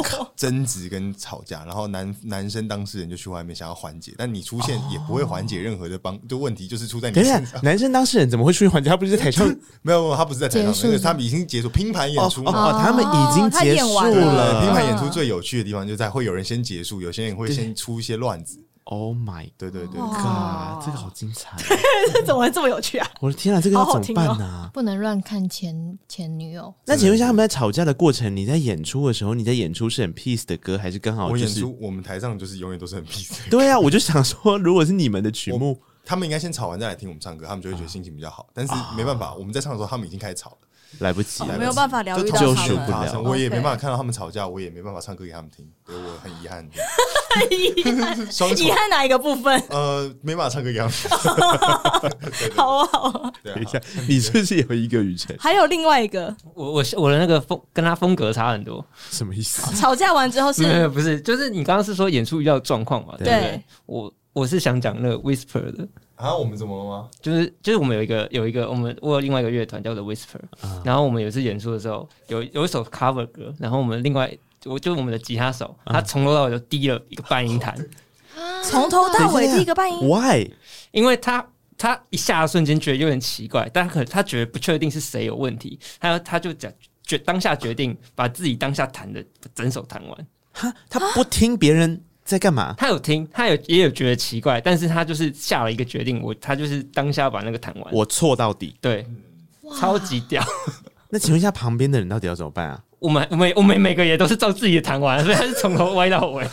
爭執跟吵架。然後男男生當事人就去外面想要緩解，但你出現也不會緩解任何的幫，就問題就是出在你身上。等一下，男生當事人怎麼會出去緩解？他不是在台上？嗯，沒有沒有，他不是在台上，那個他們已經結束拼盤演出嘛，哦哦，他們已經結束了，、哦結束了，了。拼盤演出最有趣的地方就在會有人先結束，有些人會先出一些亂子。Oh my God, 對對對，哇，這個好精彩，這怎麼會這麼有趣啊？哦，我的天啊，這個要怎麼辦呢？啊？Oh, oh, 不能亂看前前女友。那請問一下，他們在吵架的過程，你在演出的時候，你在演出是很 peace 的歌，還是剛好，就是，我演出我們台上就是永遠都是很 peace 的。對啊，我就想說，如果是你們的曲目，我，他們應該先吵完再來聽我們唱歌，他們就會覺得心情比較好。但是沒辦法，我們在唱的時候，他們已經開始吵了。來不及、啊，我、哦、沒有辦法聊到他們通通，我也沒辦法看到他們吵架，我也沒辦法唱歌給他們聽，所以我很遺憾， 遺憾。遺 憾，遺憾哪一個部分？呃，沒辦法唱歌給他們。聽 好啊，好啊。等一下，你是不是有一個雨辰，還有另外一個，我我是我的那個風跟他風格差很多，什麼意思？啊、吵架完之後是沒有、嗯，不是，就是你剛剛是說演出遇到狀況嘛？對，對對我我是想講那個 Whisper 的。啊，我們怎麼了嗎？就是就是我們有一個有一個我們我有另外一個樂團叫做 Whisper，、啊、然後我們有一次演出的時候有有一首 cover 歌，然後我們另外我就我們的吉他手、啊、他從頭到尾就低了一個半音彈，從、啊、頭到尾低一個半音。Why？、啊、因為他他一下瞬間覺得有點奇怪，但他可能他覺得不確定是誰有問題，他他就講決當下決定把自己當下彈的整首彈完、啊，他不聽別人。啊在幹嘛？他有聽，他有也有覺得奇怪，但是他就是下了一個決定，我他就是當下要把那個彈完，我錯到底，對，嗯，超級屌。 那請問一下，旁邊的人到底要怎麼辦啊？我們每我們每，每個也都是照自己的彈完，所以他是從頭歪到尾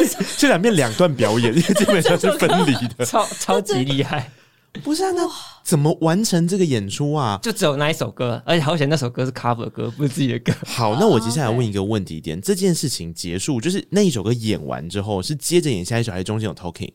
這 這。這兩邊兩段表演，因 為基本上是分離的，超超級厲害。不是啊，那怎麼完成這個演出啊？就只有那一首歌，而且好險那首歌是 cover 歌，不是自己的歌。好，那我接下來問一個問題一點：點、Okay. 這件事情結束，就是那一首歌演完之後，是接着演下一首，還是中間有 talking？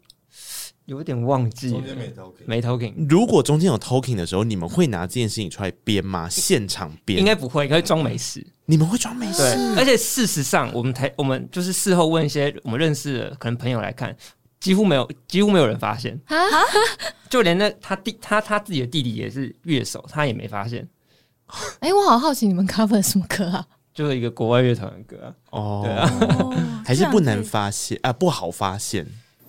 有點忘記，中間沒 talking，沒 talking。如果中間有 talking 的時候，你們會拿這件事情出來編嗎？ 現場編？應該不會，可以會裝沒事。你們會裝沒事？對，而且事實上，我們台我們就是事後問一些我們認識的可能朋友來看。幾乎沒有，幾乎沒有人發現啊！就連那他弟，他他，他自己的弟弟也是樂手，他也沒發現。哎、欸，我好好奇你們 cover 什麼歌啊？就是一個國外樂團的歌。啊。哦，對啊，哦、 還是不難發現啊，不好發現，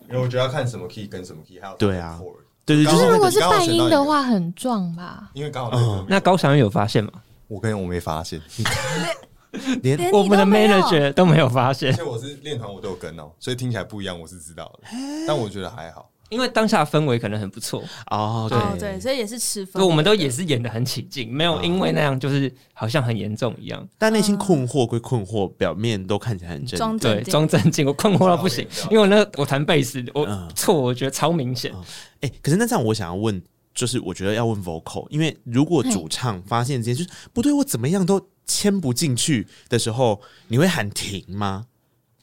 因為我覺得要看什麼 key 跟什麼 key，還有對啊，對對，對，就是如果是半音的話，的很壯吧？因為剛好那，、嗯、那高翔有發現嗎？我跟，我沒發現。 連，連我們的 manager 都沒有發現，而且我是練團，我都有跟哦、喔，所以聽起來不一樣，我是知道的，但我覺得還好，因為當下的氛圍可能很不錯哦。對對，對，所以也是吃分我們都也是演得很起勁，沒有因為那樣就是好像很嚴重一樣、嗯，嗯、但內心困惑歸困惑，表面都看起來很正常，對，裝正經。我困惑到不行，因為我那我彈貝斯，我錯，我覺得超明顯。哎，可是那這樣，我想要問，就是我覺得要問 vocal，因為如果主唱發現這些，就是不對，我怎麼樣都。牽不進去的時候，你會喊停嗎？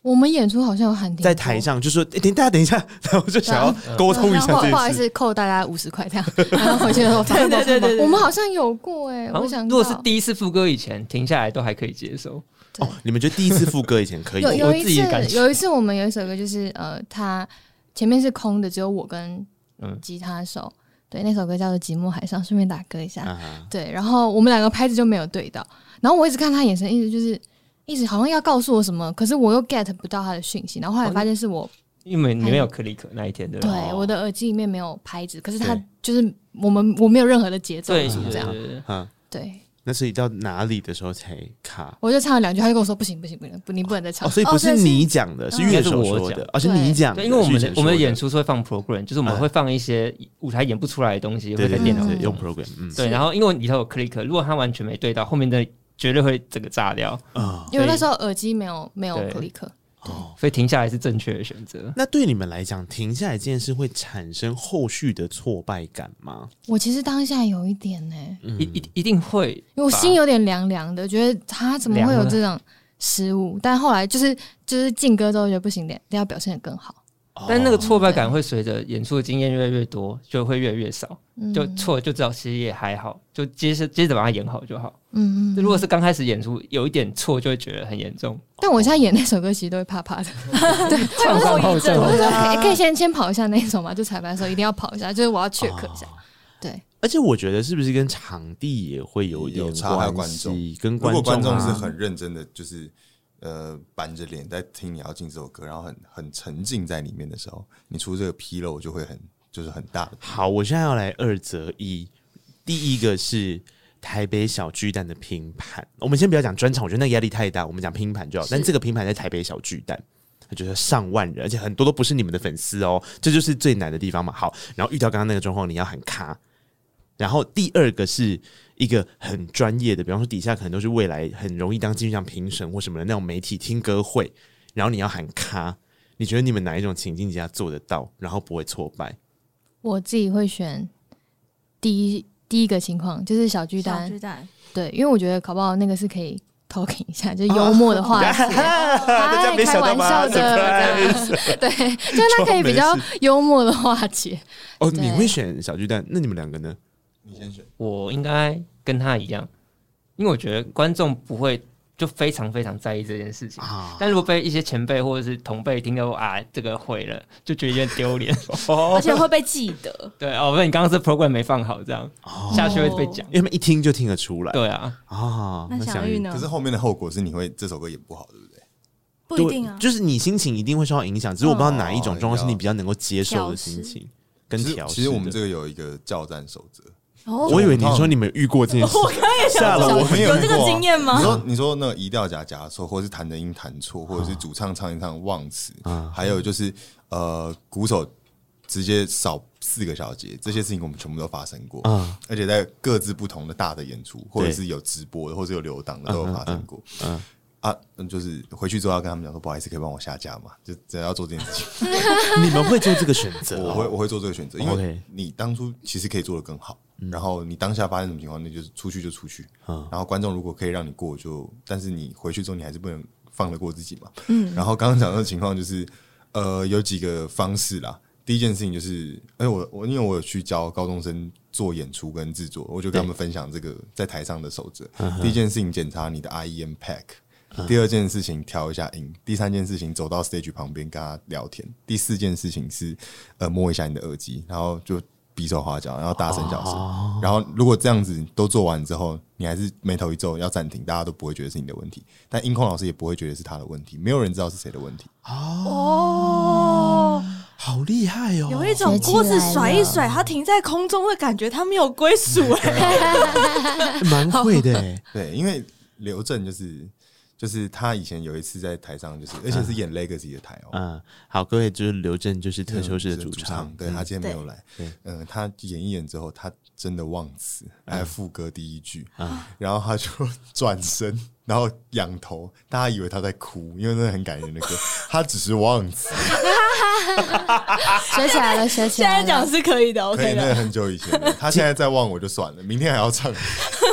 我們演出好像有喊停，在台上就說：“停、欸，大家等一下。等一下”然後我就想要溝通一下一、啊嗯嗯，不好意思，是扣大家五十塊這樣。 然後回去我覺得，對對對對，我們好像有過哎、欸。我想，如果是第一次副歌以前停下來，都還可以接受。哦，你們覺得第一次副歌以前可以 有有一次自己的感有一次我們有一首歌，就是呃，他前面是空的，只有我跟吉他手、嗯、對那首歌叫做《寂寞海上》，順便打歌一下、啊。對，然後我們兩個拍子就沒有對到。然後我一直看他眼神，一直就是，一直好像要告訴我什麼，可是我又 get 不到他的訊息。然後後來發現是我，因為你沒有 click 那一天的。對，oh. 我的耳機裡面沒有拍子，可是他就是我們，我沒有任何的節奏，對，是這樣。嗯，對。那是到，到哪裡的時候才卡？我就唱了兩句，他就跟我說：“不行，不行，不行，不行，你不能再唱。哦”所以不是你講的，哦、是應該是我講的，而、哦、是你講，因為我們我們的演出是會放 program，、嗯、就是我們會放一些舞台演不出來的東西，會在電腦、嗯、用 program、嗯。對。然後因為裡頭有 click，如果他完全沒對到後面的。絕對會整個炸掉啊、uh！因為那時候耳機沒有沒有 click，哦、oh，所以停下來是正確的選擇。那對你們來講，停下來這件事會產生後續的挫敗感嗎？我其實當下有一點呢、欸，一、嗯、一一定會，因為我心有點涼涼的，覺得他怎麼會有這種失誤？但後來就是就是進歌之後覺得不行，得要表現得更好。Oh, 但那個挫敗感會隨着演出的經驗越來越多，就會越來越少。就錯就知道，其實也還好。就接着接着把它演好就好。嗯嗯，嗯，如果是剛開始演出，有一點錯就會覺得很嚴重。嗯嗯，但我現在演那首歌其實都會怕怕的，哦、對，創傷後可以可以先先跑一下那一首嘛，就彩排的時候一定要跑一下，就是我要 check 一下、哦。對，而且我覺得是不是跟場地也會有點差也有關係？跟觀眾不過、啊、觀眾是很認真的，就是呃板着臉在聽你要進這首歌，然後很很沉浸在裡面的時候，你出這個紕漏就會很就是很大。好，我現在要來二擇一，第一個是。台北小巨蛋的拼盤，我們先不要講專場，我覺得那壓力太大。我們講拼盤就好，但這個拼盤在台北小巨蛋，就是上萬人，而且很多都不是你們的粉絲哦，這就是最難的地方嘛。好，然後遇到剛剛那個狀況，你要喊卡。然後第二個是一個很專業的，比方說底下可能都是未來很容易當金像評審或什麼的那種媒體聽歌會，然後你要喊卡，你覺得你們哪一種情境底下做得到，然後不會挫敗？我自己會選第一。第一個情況就是小巨，小巨蛋，對，因為我覺得考不好那個是可以 talking 一下，就幽默的話題，啊、Hi, 大家別笑嘛，開玩笑的，Surprise! 對，所以它可以比較幽默的化解。哦，你會選小巨蛋，那你們兩個呢？你先選，我應該跟他一樣，因為我覺得觀眾不會。就非常非常在意這件事情啊、哦！但如果被一些前輩或者是同輩聽到啊，這個毀了，就覺得有點丟臉，而且會被記得。對哦，不是你剛剛這個 program 沒放好，這樣、哦、下去會被講、哦，因為他們一聽就聽得出來。對啊，啊、哦，那小玉呢？可是後面的後果是你會這首歌也不好，對不對？不一定啊，就是你心情一定會受到影響。只是我不知道哪一種狀況是你比較能夠接受的心情、嗯、跟調。其實我們這個有一個教戰守則。Oh, 我以為你說你們有遇過這件事、oh, 我剛才也想，下來、啊有,啊、有這個經驗嗎？你說你說那移調夾夾錯，或者是彈的音彈錯、啊，或者是主唱唱一唱忘詞、啊，還有就是呃鼓手直接少四個小節，這些事情我們全部都發生過，啊啊、而且在各自不同的大的演出，或者是有直播的，或者是有留檔的都有發生過啊啊啊。啊，就是回去之後要跟他們講說，不好意思，可以幫我下架嘛？就只要做這件事情 ，你們會做這個選擇？我會我會做這個選擇、哦，因為你當初其實可以做得更好。嗯、然後你當下發生什麼情況，那就是出去就出去。然後觀眾如果可以讓你過，就但是你回去之後你還是不能放得過自己嘛。然後剛剛講的情況就是，呃，有幾個方式啦。第一件事情就是，哎，我我因為我有去教高中生做演出跟製作，我就跟他們分享這個在台上的守則。第一件事情檢查你的 IEM pack。第二件事情調一下音。第三件事情走到 stage 旁邊跟他聊天。第四件事情是，呃，摸一下你的耳機，然後就。比手畫腳，然後大聲小聲，然後如果這樣子都做完之後，你還是眉頭一皺要暫停，大家都不會覺得是你的問題，但音控老師也不會覺得是他的問題，沒有人知道是誰的問題哦，哦，好厲害哦！有一種或是甩一甩，它停在空中會感覺它沒有歸屬、欸，蠻、oh、 會的、欸，對，因為劉正就是。就是他以前有一次在台上，就是而且是演《Legacy》的台哦。嗯、啊啊，好，各位就是劉震就是忒修斯的主唱、嗯的主唱對，對，他今天沒有來。嗯，他演一演之後，他真的忘詞，還副歌第一句、嗯啊，然後他就轉身，然後仰頭，大家以為他在哭，因為那很感人的歌， 他只是忘詞。哈哈哈，學起來了，學起來了。現在講是可以的，可以。那很久以前， 他現在再忘我就算了，明天還要唱。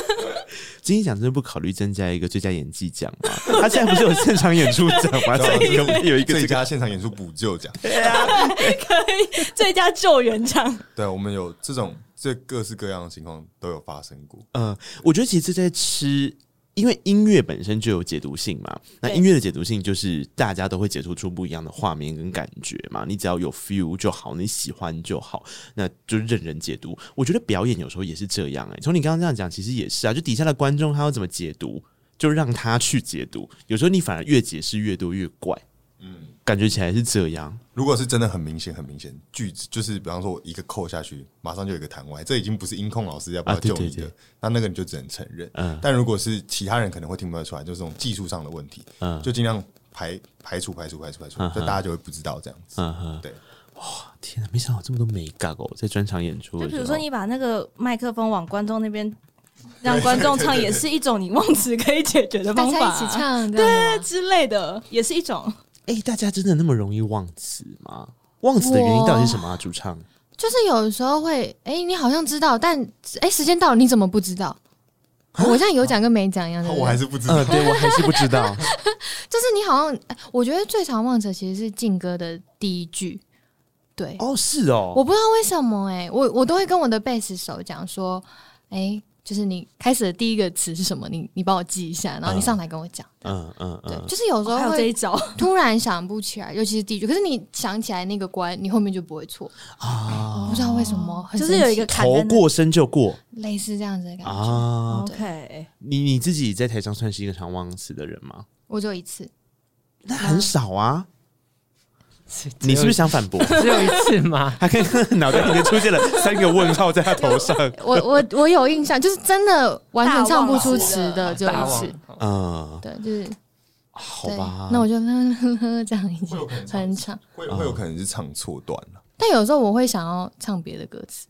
金鷹獎真的不考慮增加一個最佳演技獎嗎？ 他現在不是有現場演出獎嘛，然 後有一個，個可以最佳現場演出補救獎， 對啊， 對可以最佳救援獎。 對，我們有這種這各式各樣的情況都有發生過。嗯、呃，我覺得其實這在吃。因為音樂本身就有解讀性嘛，那音樂的解讀性就是大家都會解讀出不一樣的畫面跟感覺嘛。你只要有 feel 就好，你喜歡就好，那就任人解讀。我覺得表演有時候也是這樣誒、欸，從你剛剛這樣講，其實也是啊。就底下的觀眾他要怎麼解讀，就讓他去解讀。有時候你反而越解釋越多越怪，嗯。感覺起來是這樣。如果是真的很明顯、很明顯，句子就是，比方說，我一個扣下去，馬上就有一個彈歪，這已經不是音控老師要不要救你的，啊、對對對，那那個你就只能承認。嗯。但如果是其他人，可能會聽不出來，就是這種技術上的問題。嗯。就儘量排排除、排除、排除、排除，就、嗯、大家就會不知道這樣子。嗯哼對。哇、哦，天啊！沒想到有這麼多眉角哦，在專場演出。就比如說，你把那個麥克風往觀眾那邊，讓觀眾唱，也是一種你忘詞可以解決的方法、啊。 一起唱，對之類的，也是一種。誒、欸，大家真的那麼容易忘詞嗎？忘詞的原因到底是什麼啊？主唱就是有的時候會誒、欸，你好像知道，但誒、欸，時間到了，了你怎麼不知道？我好像有講跟沒講一樣。對對、啊，我還是不知道、呃。對，我還是不知道。 就是你好像，我覺得最常忘詞其實是進歌的第一句。對。哦，是哦。我不知道為什麼誒、欸，我我都會跟我的貝斯手講說，誒、欸。就是你開始的第一個詞是什麼？你你幫我記一下，然後你上台跟我講。嗯嗯，嗯。就是有時候會突然想不起來、嗯，尤其是第一句。可是你想起來那個關，嗯、你後面就不會錯啊！不知道為什麼，就是有一個開頭過身就過，類似這樣子的感覺。OK，、啊、你你自己在台上算是一個常忘詞的人嗎？我就一次，那很少啊。嗯你是不是想反駁、啊？只有一次嗎？他看腦袋裡面出現了三個問號在他頭上 我。我我我有印象，就是真的完全唱不出詞的有一次，嗯，對，就是好吧。對那我就呵呵這樣一下很唱，會會有可能是唱錯段了、哦。但有時候我會想要唱別的歌詞。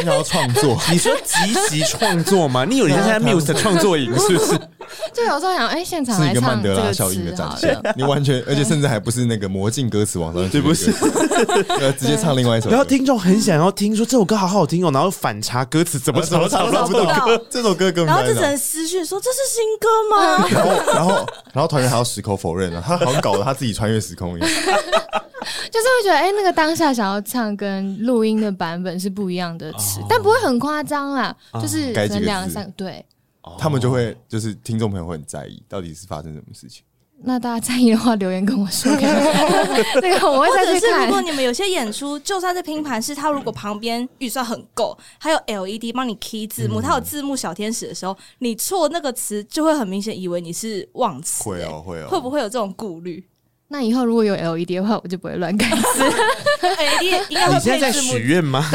你要創作？ 你說即席創作嗎？ 你有人在，現在 Muse 創作營，是不是？ 就有時候想，哎、欸，現場是一個曼德拉效應的展現、這個，你完全， 而且甚至還不是那個魔鏡歌詞網上詞，對不是 對，直接唱另外一首歌。然後聽眾很想要聽說，這首歌好好聽哦，然後反查歌詞怎麼怎麼唱到、嗯、這首歌，歌然後就有私訊說這是新歌嗎？ 然後，然後團員還要矢口否認了、啊，他好像搞了他自己穿越時空一樣。 就是會覺得，哎、欸，那個當下想要唱跟錄音的版本是不一樣的詞、哦，但不會很誇張啦，就是兩三個個，對、哦。他們就會，就是聽眾朋友會很在意，到底是發生什麼事情。那大家在意的話，留言跟我說。那、 哦、 個，我會再去改。或者是如果你們有些演出，就算是拼盤是他如果旁邊預算很夠，還有 LED 幫你 Key 字幕，他、嗯、有字幕小天使的時候，你錯那個詞就會很明顯，以為你是忘詞、欸。會哦，會哦，會不會有這種顧慮？那以後如果有 LED 的話，我就不會亂改 LED，你現在在許願嗎？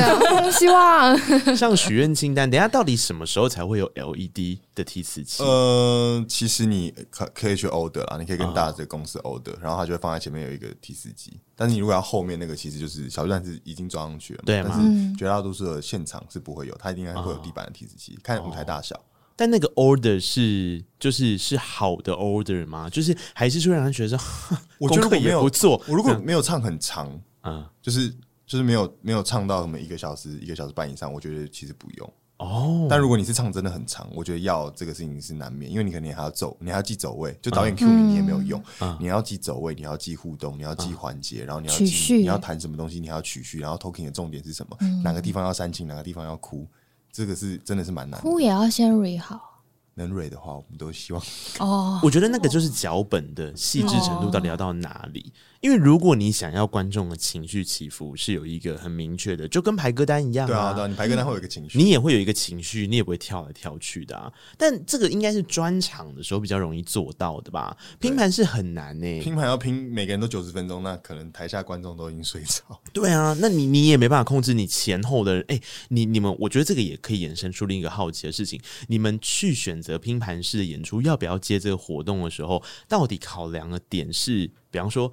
希望 像許願清單。等一下到底什麼時候才會有 LED 的提詞器？呃，其實你可可以去 order 啦，你可以跟大家這個公司 order、哦、然後他就會放在前面有一個提詞器。但是你如果要後面那個，其實就是小段子已經裝上去了嘛。對嘛？但是絕大多數的現場是不會有，它一定會有地板的提詞器，看舞台大小。但那個 order 是就是是好的 order 嗎？就是還是讓人覺得說，我覺得如果也沒有做，我如果沒有唱很長，嗯、啊，就是就是沒有沒有唱到什麼一個小時、一個小時半以上，我覺得其實不用哦。但如果你是唱真的很長，我覺得要這個事情是難免，因為你可能還要走，你還要記走位，就導演 Q 你，也沒有用，嗯、你要記走位，你要記互動，你要記環節、啊，然後你要記你要談什麼東西，你還要曲序，然後 talking 的重點是什麼，嗯、哪個地方要煽情，哪個地方要哭。這個是真的是蠻難的。哭也要先蕊好，能蕊的話，我們都希望。哦、oh.，我覺得那個就是腳本的細緻程度到底要到哪裡。Oh. Oh. 因為如果你想要觀眾的情緒起伏是有一個很明確的，就跟排歌單一樣啊，對啊，對啊，你排歌單會有一個情緒，你也會有一個情緒，你也不會跳來跳去的啊。但這個應該是專場的時候比較容易做到的吧？拼盤是很難呢，欸，拼盤要拼每個人都九十分鐘，那可能台下觀眾都已經睡着。對啊，那你你也沒辦法控制你前後的人，哎，欸，你你們，我覺得這個也可以衍生出另一個好奇的事情：你們去選擇拼盤式的演出要不要接這個活動的時候，到底考量的點是，比方說。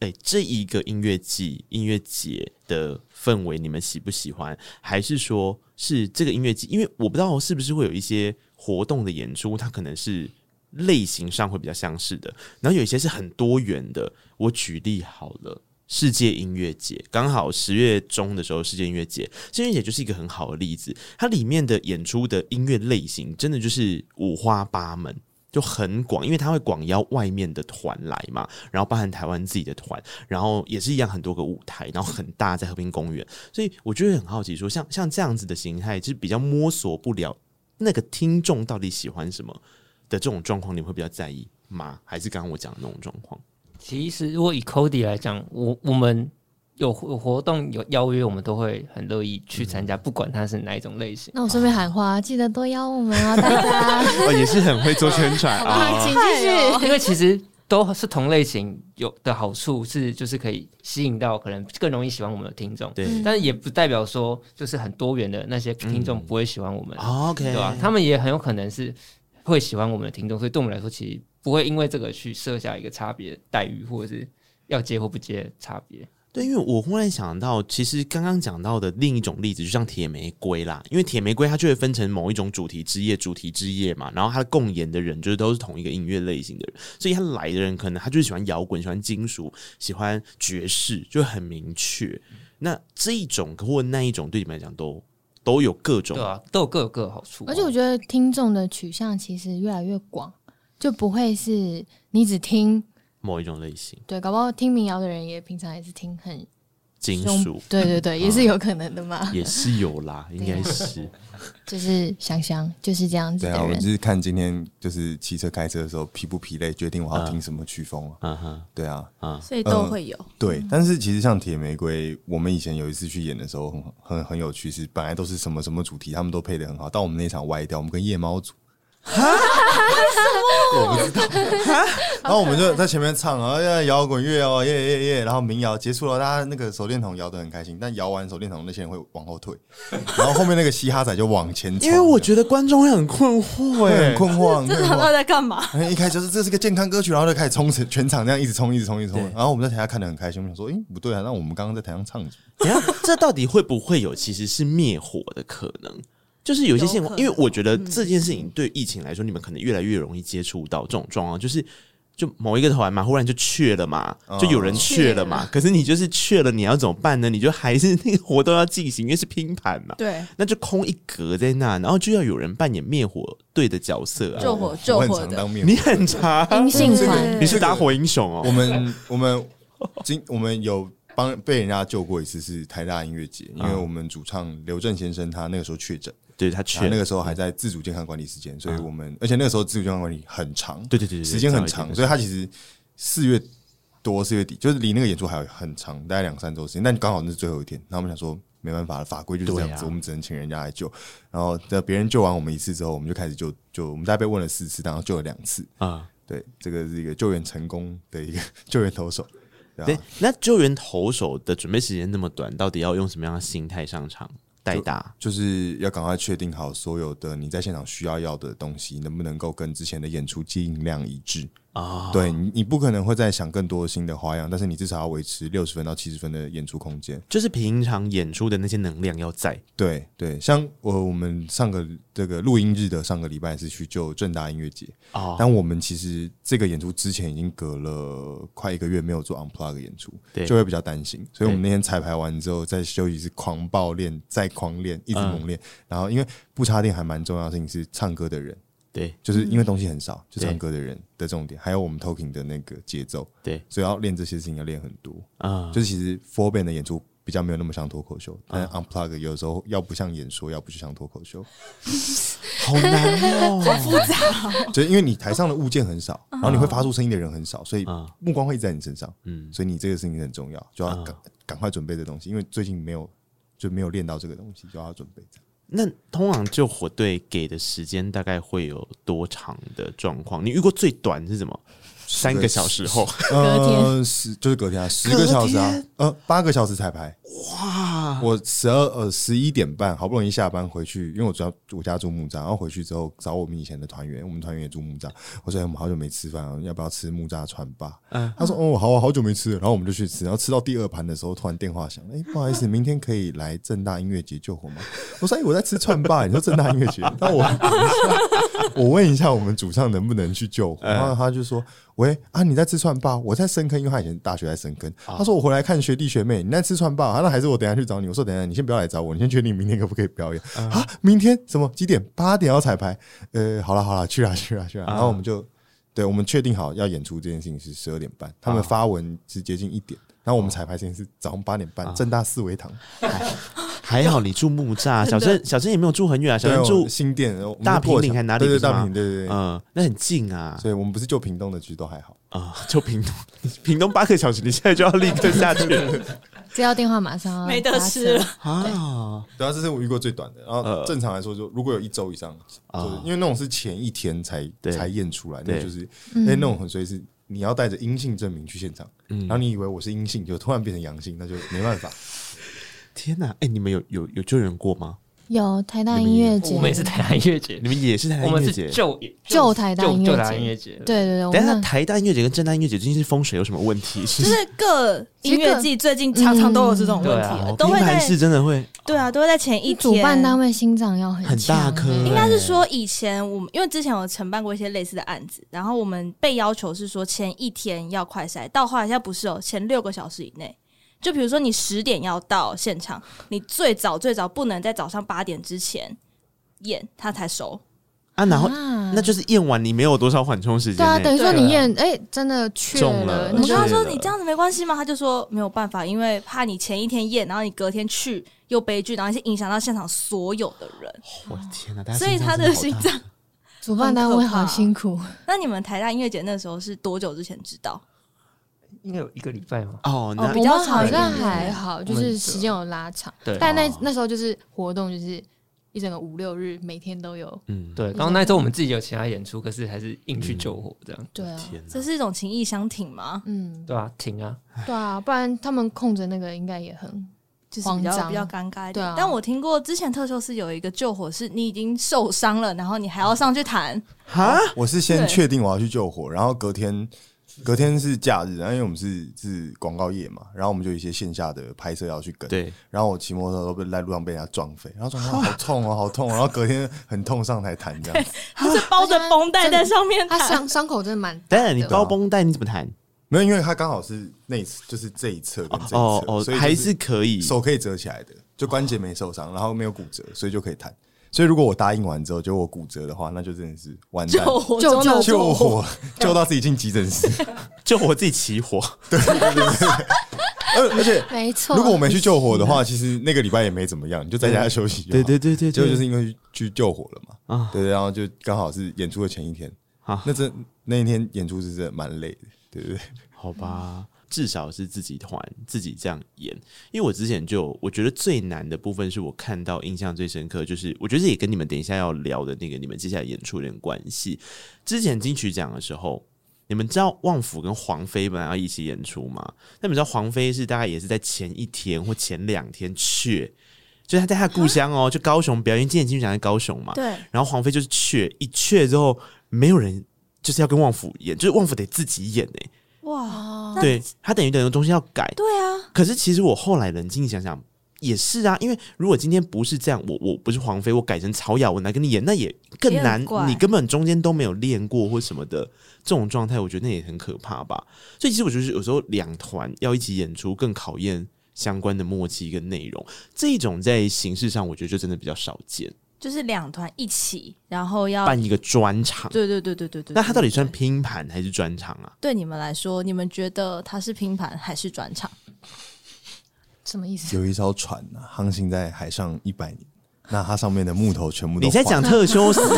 哎、欸，這一個音樂季，音樂節的氛圍，你們喜不喜歡？還是說是這個音樂季？因為我不知道是不是會有一些活動的演出，它可能是類型上會比較相似的。然後有一些是很多元的。我舉例好了，世界音樂節，剛好十月中的時候，世界音樂節，世界音樂節就是一個很好的例子。它裡面的演出的音樂類型，真的就是五花八門。就很廣，因為他會廣邀外面的團來嘛，然後包含台灣自己的團，然後也是一樣很多個舞台，然後很大，在和平公園，所以我覺得很好奇說，說像像這樣子的形態，就是比較摸索不了那個聽眾到底喜歡什麼的這種狀況，你會比較在意嗎？還是剛剛我講的那種狀況？其實如果以 Codie 來講，我我們。有有活動有邀約，我們都會很樂意去參加、嗯，不管它是哪一種類型。那我順便喊話、啊啊，記得多邀我們啊，大家。 哦、也是很會做宣傳啊，請繼續，因為其實都是同類型，有的好處是就是可以吸引到可能更容易喜歡我們的聽眾，對、嗯。但是也不代表說就是很多元的那些聽眾不會喜歡我們、嗯對啊，OK，對吧？他們也很有可能是會喜歡我們的聽眾，所以對我們來說，其實不會因為這個去設下一個差別待遇，或者是要接或不接差別。對，因為我忽然想到，其實剛剛講到的另一種例子，就像鐵玫瑰啦，因為鐵玫瑰它就會分成某一種主題之夜，主題之夜嘛，然後它共演的人就是都是同一個音樂類型的人，所以他來的人可能他就是喜歡搖滾，喜歡金屬，喜歡爵士，就很明確。嗯、那這一種或那一種，對你們來講都都有各種，對啊，都有各有各的好處啊。而且我覺得聽眾的取向其實越來越廣，就不會是你只聽。某一種類型，對，搞不好聽民謠的人也平常也是聽很金屬，對對對，也是有可能的嘛，啊、也是有啦，應該是，啊、 就是想想就是這樣子。對啊，我就是看今天就是騎車開車的時候疲不疲累，決定我要聽什麼曲風啊。嗯、啊、哼，對啊，啊，啊、嗯，所以都會有、嗯。對，但是其實像鐵玫瑰，我們以前有一次去演的時候，很很很有趣是，是本來都是什麼什麼主題，他們都配得很好，到我們那場歪掉，我們跟夜貓組。哈，哈哈，我不知道。然後我們就在前面唱，然後搖滾樂哦，耶耶耶！然後民謠結束了，大家那個手電筒搖得很開心。但搖完手電筒，那些人會往後退，然後後面那個嘻哈仔就往前衝。 因為我覺得觀眾會很困惑，哎，很困惑、啊，困惑啊、真的不知道在幹嘛。那一開始就是這是個健康歌曲，然後就開始衝成全場這樣一，一直衝，一直衝，一直衝。然後我們在台下看得很開心，我們想說，哎、欸，不對啊，那我們剛剛在台上唱着，這到底會不會有其實是滅火的可能？就是有些現況，因為我覺得這件事情對疫情來說、嗯，你們可能越來越容易接觸到這種狀況，就是就某一個團嘛，忽然就缺了嘛、嗯，就有人缺了嘛、嗯。可是你就是缺了，你要怎麼辦呢？你就還是那個活動要進行，因為是拼盤嘛。對，那就空一格在那，然後就要有人扮演滅火隊的角色，啊。救、嗯、火救火的。你很常、啊，團， 你是打火英雄哦。 我們我們今我們有幫被人家救過一次，是台大音樂節、嗯，因為我們主唱劉正先生他那個時候確診。對，他去了，那個時候還在自主健康管理時間，所以我們、啊、而且那個時候自主健康管理很長，對對對，對時間很長，所以他其實四月多四月底，就是離那個演出還有很長，大概兩三周時間，但剛好那是最後一天，我們想說沒辦法了，法規就是這樣子、啊，我們只能請人家來救。然後在別人救完我們一次之後，我們就開始救，就我們大概被問了四次，然後救了兩次啊。對，這個是一個救援成功的一個救援投手。對、啊對，那救援投手的準備時間那麼短，到底要用什麼樣的心態上場？代打就，就是要趕快確定好所有的你在現場需要要的東西，能不能夠跟之前的演出盡量一致。啊、oh，對你，你不可能會再想更多新的花樣，但是你至少要維持六十分到七十分的演出空間，就是平常演出的那些能量要在。對對，像我、呃、我們上個這個錄音日的上個禮拜是去就政大音樂節啊，oh, 但我們其實這個演出之前已經隔了快一個月沒有做 unplugged 演出，對，就會比較擔心，所以我們那天彩排完之後，在休息室狂暴練，再狂練，一直猛練、嗯，然後因為不插電還蠻重要的是你是唱歌的人。對，就是因為東西很少，嗯、就唱歌的人的重點，還有我們 talking 的那個節奏，對，所以要練這些事情要練很多啊、嗯。就是其實 four band 的演出比較沒有那麼像脫口秀，嗯、但 unplugged 有時候要不像演說，要不像脫口秀，嗯、好難哦、喔，好複雜。就是因為你台上的物件很少，哦、然後你會發出聲音的人很少，所以目光會在你身上，嗯，所以你這個事情很重要，就要趕趕、嗯、快準備這東西，因為最近沒有就沒有練到這個東西，就要準備那通常救火隊給的時間大概會有多長的狀況？你遇過最短是什麼？三個小時後，隔天、呃、十就是隔天啊，十個小時啊，呃八個小時彩排。哇！我十二呃十一點半好不容易下班回去，因為我要我家住木柵，然後回去之後找我們以前的團員，我們團員也住木柵，我說、哎、我們好久沒吃飯，要不要吃木柵串霸？嗯，他說哦好啊，好久沒吃了，然後我們就去吃，然後吃到第二盤的時候，突然電話響，哎、欸、不好意思，明天可以來政大音樂節救火嗎？我說哎、欸、我在吃串霸，你說政大音樂節，那 我我問一下我問一下我們主唱能不能去救火、嗯，然後他就說。喂啊！你在吃串吧？我在深坑，因為他以前大學在深坑。他說，我回來看學弟學妹，你在吃串吧、啊？那還是我等一下去找你。我說，等一下你先不要來找我，你先確定明天可不可以表演啊，啊？明天什麼幾點？八點要彩排。呃，好了好了，去了去了去了、啊。然後我們就對，我們確定好要演出這件事情是十二點半。他們發文是接近一點。然後我們彩排時間是早上八點半，政大四維堂、啊。還好你住木柵，小珍小珍也沒有住很遠啊，小珍住新店大坪你還哪裡都到平，對對對，嗯、呃，那很近啊。所以我們不是就屏東的，其實都還好啊。就屏東，屏東八個小時，你現在就要立刻下去 接到電話，馬上沒得吃啊。對。對啊，這是我遇過最短的。然後正常來說，就如果有一周以上，啊、以因為那種是前一天才才驗出來。對，那就是、嗯、那種很隨時。你要帶着陰性證明去現場，嗯，然後你以為我是陰性，就突然變成陽性，那就沒辦法。 天哪！哎、欸，你們有有有救援過嗎？有台大音樂節，我們也是台大音樂節，你們也是台大音樂節，就就台大音樂節、節，對對對。等下台大音樂節跟正大音樂節最近風水有什麼問題？是就是各音樂季最近常常都有這種問題，都會、嗯啊哦、是真的會、對、啊會。對啊，都會在前一天，主辦單位心臟要很、很大顆、欸。應該是說以前我們因為之前我承辦過一些類似的案子，然後我們被要求是說前一天要快篩，到後來現在不是哦，前六個小時以內。就比如說，你十點要到現場，你最早最早不能在早上八點之前驗，他才收啊。然後、啊、那就是驗完，你沒有多少緩衝時間、欸。對啊，等於說你驗，哎、欸，真的中了。我剛剛說你這樣子沒關係嗎？他就說沒有辦法，因為怕你前一天驗，然後你隔天去又悲劇，然後就影響到現場所有的人。啊、天哪，所以他的心臟主辦單位好辛苦。那你們台大音樂節那時候是多久之前知道？應該有一個禮拜嘛，哦，那比較、哦、好像還好，就是時間有拉長。對，但那、哦、那時候就是活動，就是一整個五六日，每天都有。嗯，對。然後那一週我們自己有其他演出，可是還是硬去救火這樣。嗯、對啊，這是一種情義相挺嘛。嗯，對啊，挺啊，對啊，不然他們空着那個應該也很就是比較 是比較尷尬一點。對啊。但我聽過之前忒修斯是有一個救火，是你已經受傷了，然後你還要上去彈。哈、啊啊，我是先確定我要去救火，然後隔天。隔天是假日，然後因為我們是是廣告業嘛，然後我們就有一些線下的拍攝要去跟對，然後我騎摩托車被在路上被人家撞飛，然後撞飛、啊、好痛哦，好痛、哦、然後隔天很痛上台彈這樣，就是包着繃帶在上面，他傷傷口真的蠻大的。當然，你包繃帶你怎麼彈？啊、沒有，因為他剛好是那，就是這一側跟這一側，所、哦、以、哦哦、還是可以，以手可以折起來的，就關節沒受傷，哦、然後沒有骨折，所以就可以彈。所以，如果我答應完之後，就我骨折的話，那就真的是完蛋，救火救火救，救，救到自己進急診室，欸、 救火自己起火， 對對對對，而 而且，沒錯，如果我沒去救火的話，其實， 其實那個禮拜也沒怎麼樣，你就在家休息就好。對對對對，對，對，就就是因為去救火了嘛，啊，對對，然後就剛好是演出的前一天、啊、那真那一天演出是真的蠻累的，對不對，對？好吧。嗯至少是自己團自己這樣演，因為我之前就我覺得最難的部分是我看到印象最深刻，就是我覺得也跟你們等一下要聊的那個你們接下來演出有點關係。之前金曲獎的時候，你們知道旺福跟黃飛本來要一起演出嗎？那你們知道黃飛是大概也是在前一天或前兩天去，就是他在他故鄉哦、喔，就高雄表演。今年金曲獎在高雄嘛，對。然後黃飛就是去一去之後，沒有人就是要跟旺福演，就是旺福得自己演呢、欸。哇。對，他等於等於東西要改。對啊，可是其實我後來冷靜想想，也是啊。因為如果今天不是這樣，我我不是黃飛，我改成曹雅雯來跟你演，那也更難。你根本中間都沒有練過或什麼的，這種狀態，我覺得那也很可怕吧。所以其實我覺得有時候兩團要一起演出，更考驗相關的默契跟內容。這種在形式上，我覺得就真的比較少見。就是兩團一起，然後要辦一個專場。對對對對對對，對。那他到底算拼盤還是專場啊？對你們來說，你們覺得他是拼盤還是專場？什麼意思？有一艘船、啊、航行在海上一百年，那它上面的木頭全部都你在講忒修斯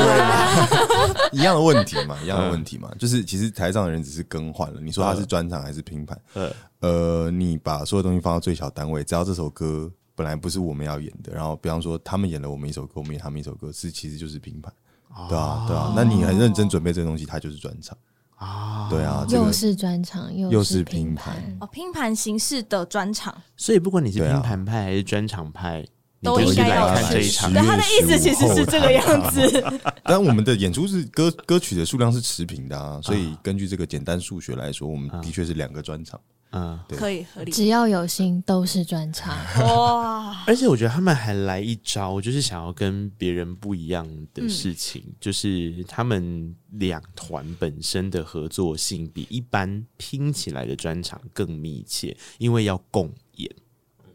一樣的問題嘛？一樣的問題嘛？就是其實台上的人只是更換了，你說他是專場還是拼盤、嗯？呃，你把所有東西放到最小單位，只要這首歌。本來不是我們要演的，然後比方說他們演了我們一首歌，我們演他們一首歌，是其實就是拼盤、哦，對啊對啊、哦。那你很認真準備這個東西，它就是專場啊，對啊，又是專場，又是拼盤拼盤形式的專場。所以不管你是拼盤派還是專場派，啊、你都應該要看這一場。那他的意思其實是這個樣子。但我們的演出是歌歌曲的數量是持平的、啊，所以根據這個簡單數學來說，我們的確是兩個專場。嗯、啊，可以合理，只要有心都是專場哇！ 而且我覺得他們還來一招，就是想要跟別人不一樣的事情，嗯、就是他們兩團本身的合作性比一般拼起來的專場更密切，因為要共演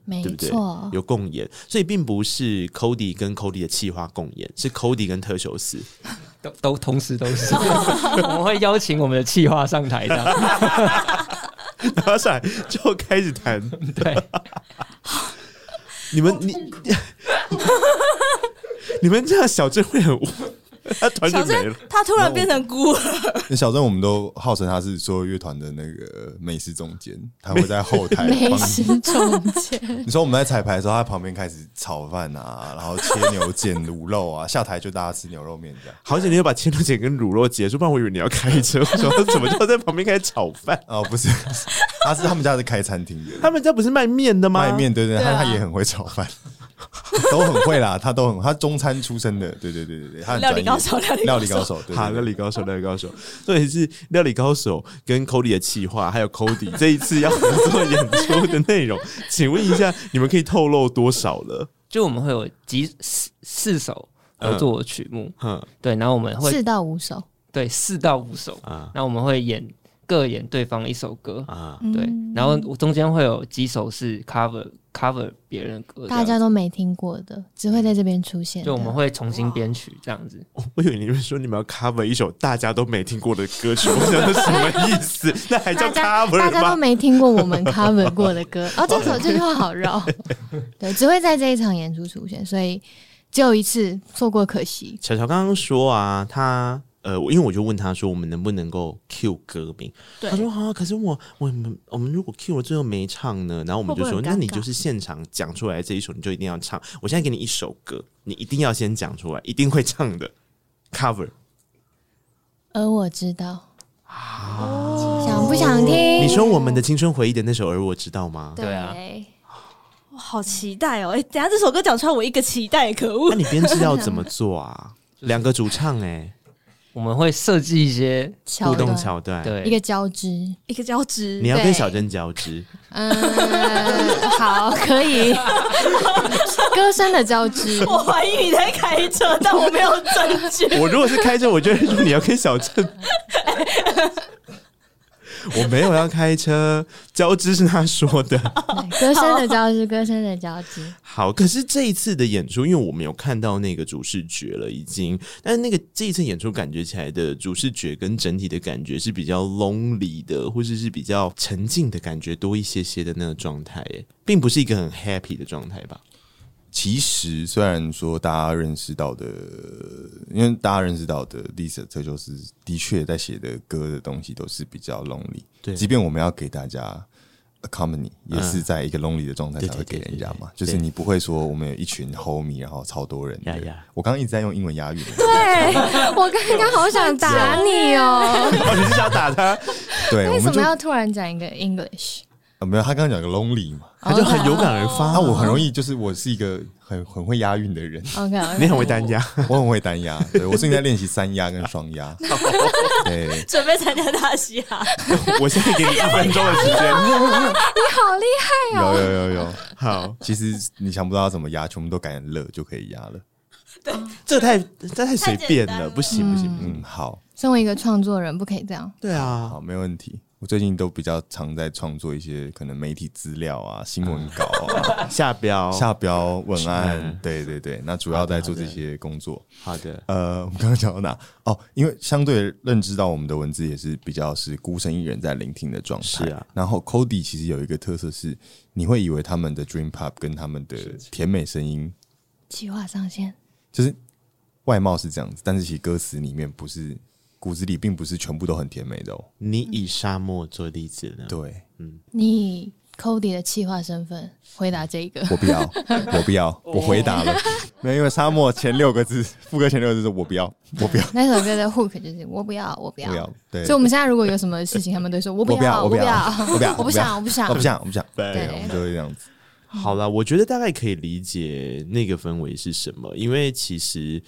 沒錯，對不對？有共演，所以並不是 Codie 跟 Codie 的企劃共演，是 Codie 跟忒修斯都都同時都是， 我們會邀請我們的企劃上台的。 拿上來就開始談， 對 你，你們 你，你們這樣小智會。很他團就沒了，他突然變成孤兒。小鎮，我們都號稱他是所有樂團的那個美食總監，他會在後台幫你。美食總監，你說我們在彩排的時候，他旁邊開始炒飯啊，然後切牛腱滷肉啊， 下台就大家吃牛肉麵這樣。好幾天就把切牛腱跟滷肉結束，不然我以為你要開車。我說怎麼就在旁邊開始炒飯？ 哦，不，不是，他是他們家是開餐廳的，他們家不是賣麵的嗎？賣麵對，對對，對啊、他他也很會炒飯。 都很會啦，他都很，他中餐出身的，對對對對對，他料理高手，料理高手，哈，料理高手，料理高手，所以 是料理高手，料理高手，料理高手跟 Cody 的企劃，還有 Cody 這一次要合作演出的內容，請問一下，你們可以透露多少了？就我們會有幾四四首合作的曲目嗯，嗯，對，然後我們會四到五首，對，四到五首，那、啊、我們會演。各演對方一首歌啊，對，嗯、然後我中間會有幾首是 cover cover 別人的歌，大家都沒聽過的，只會在這邊出現，就我們會重新編曲這樣子。我以為你會說你們要 cover 一首大家都沒聽過的歌曲，這 是什麼意思？ 那還叫 cover？大家都沒聽過我們 cover 過的歌。 哦，oh, okay. 這首這句話好繞。 對，只會在這一場演出出現，所以只有一次，錯過可惜。小喬剛剛說啊，他。呃，因為我就問他說：“我們能不能夠 Q 歌名？”他說：“好、啊。”可是我我們我，我們如果 Q，我最後沒唱呢。然後我們就說：“會會那你就是現場講出來這一首，你就一定要唱。”我現在給你一首歌，你一定要先講出來，一定會唱的 cover。而我知道啊，想不想聽？你說我們的青春回憶的那首《而我知道》嗎？對啊，啊，我好期待哦！哎、欸，等下這首歌講出來，我一個期待，可惡！那、啊、你編制要怎麼做啊？兩 個主唱哎、欸。我們會設計一些互動橋段，一個一個交，對，一個交織，一個交織，你要跟小珍交織，呃，好，可以， 歌聲的交織。我懷疑你在開車，但我沒有證據。 我如果是開車，我覺得你要跟小珍。 我沒有要開車， 交織是他說的，對，歌聲的交織， 歌聲的交織。好，可是這一次的演出，因為我沒有看到那個主視覺了，已經。但是那個這一次演出感覺起來的主視覺跟整體的感覺是比較 lonely 的，或者是，是比較沉浸的感覺多一些些的那個狀態耶，並不是一個很 happy 的狀態吧。其實，雖然說大家認識到的，因為大家認識到的，Lisa 這就是的確在寫的歌的東西都是比較 lonely。對，即便我們要給大家 company、啊、也是在一個 lonely 的狀態才會給人家嘛對對對對對。就是你不會說我們有一群 homie，然後超多人。對對對我剛剛一直在用英文押韻。對，yeah, yeah. 對我剛剛好想打你哦、喔！ 你是想打他？ 對，為什麼要突然講一個 English。哦、沒有，他剛剛講個 lonely 嘛，他就很有感而發。Oh. 啊、我很容易，就是我是一個很很會押韻的人。Okay, OK，你很會單押，我，我很會單押。 對，我最近在練習三押跟雙押。對， 準備參加大嘻哈。 我現在給你一分鐘的時間。 你好厲害、哦 好厲害哦、有有有有，好，其實你想不到要怎麼押，全部都改成樂就可以押了。對，這太這太隨便了，太了，不行不行嗯。嗯，好。身為一個創作人，不可以這樣。對啊，好，沒問題。我最近都比較常在創作一些可能媒體資料啊、新聞稿啊、嗯、下標、嗯、下標文案，嗯、對對對，那主要在做這些工作。好的，好的好的呃，我們剛剛講到哪？哦，因為相對認知到我們的文字也是比較是孤身一人在聆聽的狀態。是啊。然後，Codie 其實有一個特色是，你會以為他們的 Dream Pop 跟他們的甜美聲音，計劃上線，就是外貌是這樣子，但是其實歌詞裡面不是。骨子裡並不是全部都很甜美的哦。你以沙漠做例子呢？對，嗯。你 Cody 的氣話身份回答這個？我不要，我不要， 我回答了。哦、沒有因為沙漠前六個字，副歌前六個字是我不要，我不要。那首歌的 hook 就是我不要，我不要，對、那個就是、要要要對，所以我們現在如果有什麼事情， 他們都說我不要，我不要，我不要，我不，我不，我不， 我不想，我不想， 我不想，我不想。對，對我們就會這樣子。哦、好了，我覺得大概可以理解那個氛圍是什麼，因為其實。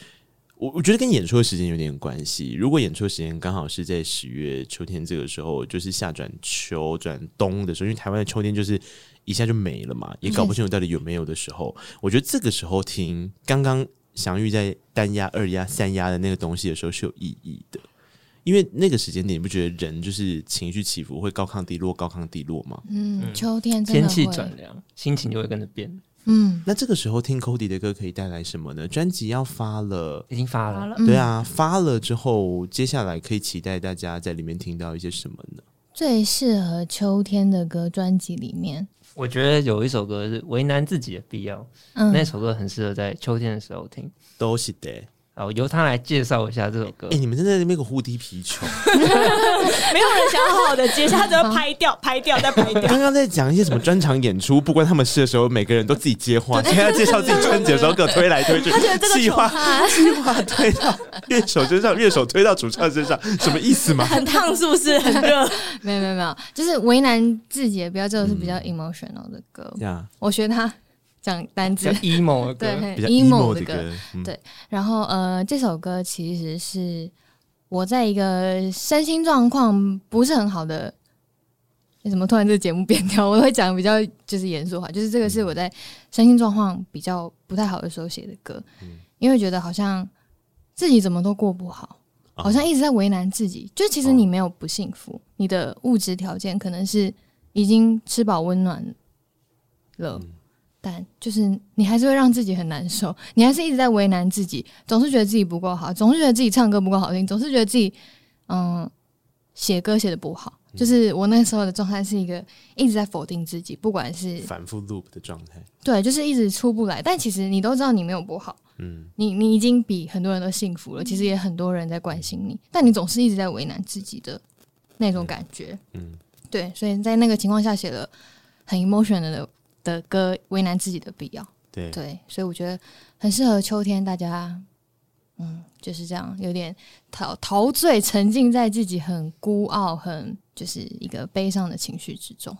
我覺得跟演出的時間有點關係。如果演出的時間剛好是在十月秋天這個時候，就是夏轉秋轉冬的時候，因為台灣的秋天就是一下就沒了嘛，也搞不清楚到底有沒有的時候，我覺得這個時候聽剛剛祥玉在單壓、二壓、三壓的那個東西的時候是有意義的，因為那個時間點，你不覺得人就是情緒起伏會高亢低落、高亢低落嗎？嗯，秋天天氣轉涼，心情就會跟着變。嗯，那這個時候聽 Codie 的歌可以帶來什麼呢？專輯要發了，已經發了，對啊，發了之後，接下來可以期待大家在裡面聽到一些什麼呢？最適合秋天的歌，專輯裡面，我覺得有一首歌是為難自己的必要，嗯，那首歌很適合在秋天的時候聽，都是的。然、哦、後由他來介紹一下這首歌。哎、欸，你們真的在那有個互踢皮球， 沒有人想要好的，接下來就要拍掉，拍掉再拍掉。剛 剛在講一些什麼專場演出不關他們事的時候，每個人都自己接話，現在介紹自己春節的時候各推來推去，企劃企劃推到樂手身上，樂手推到主唱身上，什麼意思嘛？很燙是不是？很熱 沒有沒有沒有，就是為難自己，不、嗯、要這種、個、是比較 emotional 的歌。我學他。講單字，對 emo 的歌對，比較 emo 的歌，嗯、對。然後，呃，這首歌其實是我在一個身心狀況不是很好的，為什麼突然這個節目變調？我會講比較就是嚴肅話，就是這個是我在身心狀況比較不太好的時候寫的歌，嗯、因為覺得好像自己怎麼都過不好，啊、好像一直在為難自己。就其實你沒有不幸福，哦、你的物質條件可能是已經吃飽溫暖了。嗯但就是你還是會讓自己很難受，你還是一直在為難自己，總是覺得自己不夠好，總是覺得自己唱歌不夠好聽，總是覺得自己嗯呃、寫歌寫的不好。嗯、就是我那時候的狀態是一個一直在否定自己，不管是反覆 loop 的狀態，對，就是一直出不來。但其實你都知道你沒有不好，嗯你，你你已經比很多人都幸福了，其實也很多人在關心你，但你總是一直在為難自己的那種感覺，嗯，對，所以在那個情況下寫的很 emotion 的。的歌為難自己的必要，對，對，所以我覺得很適合秋天，大家，嗯，就是這樣，有點陶陶醉，沉浸在自己很孤傲，很就是一個悲傷的情緒之中。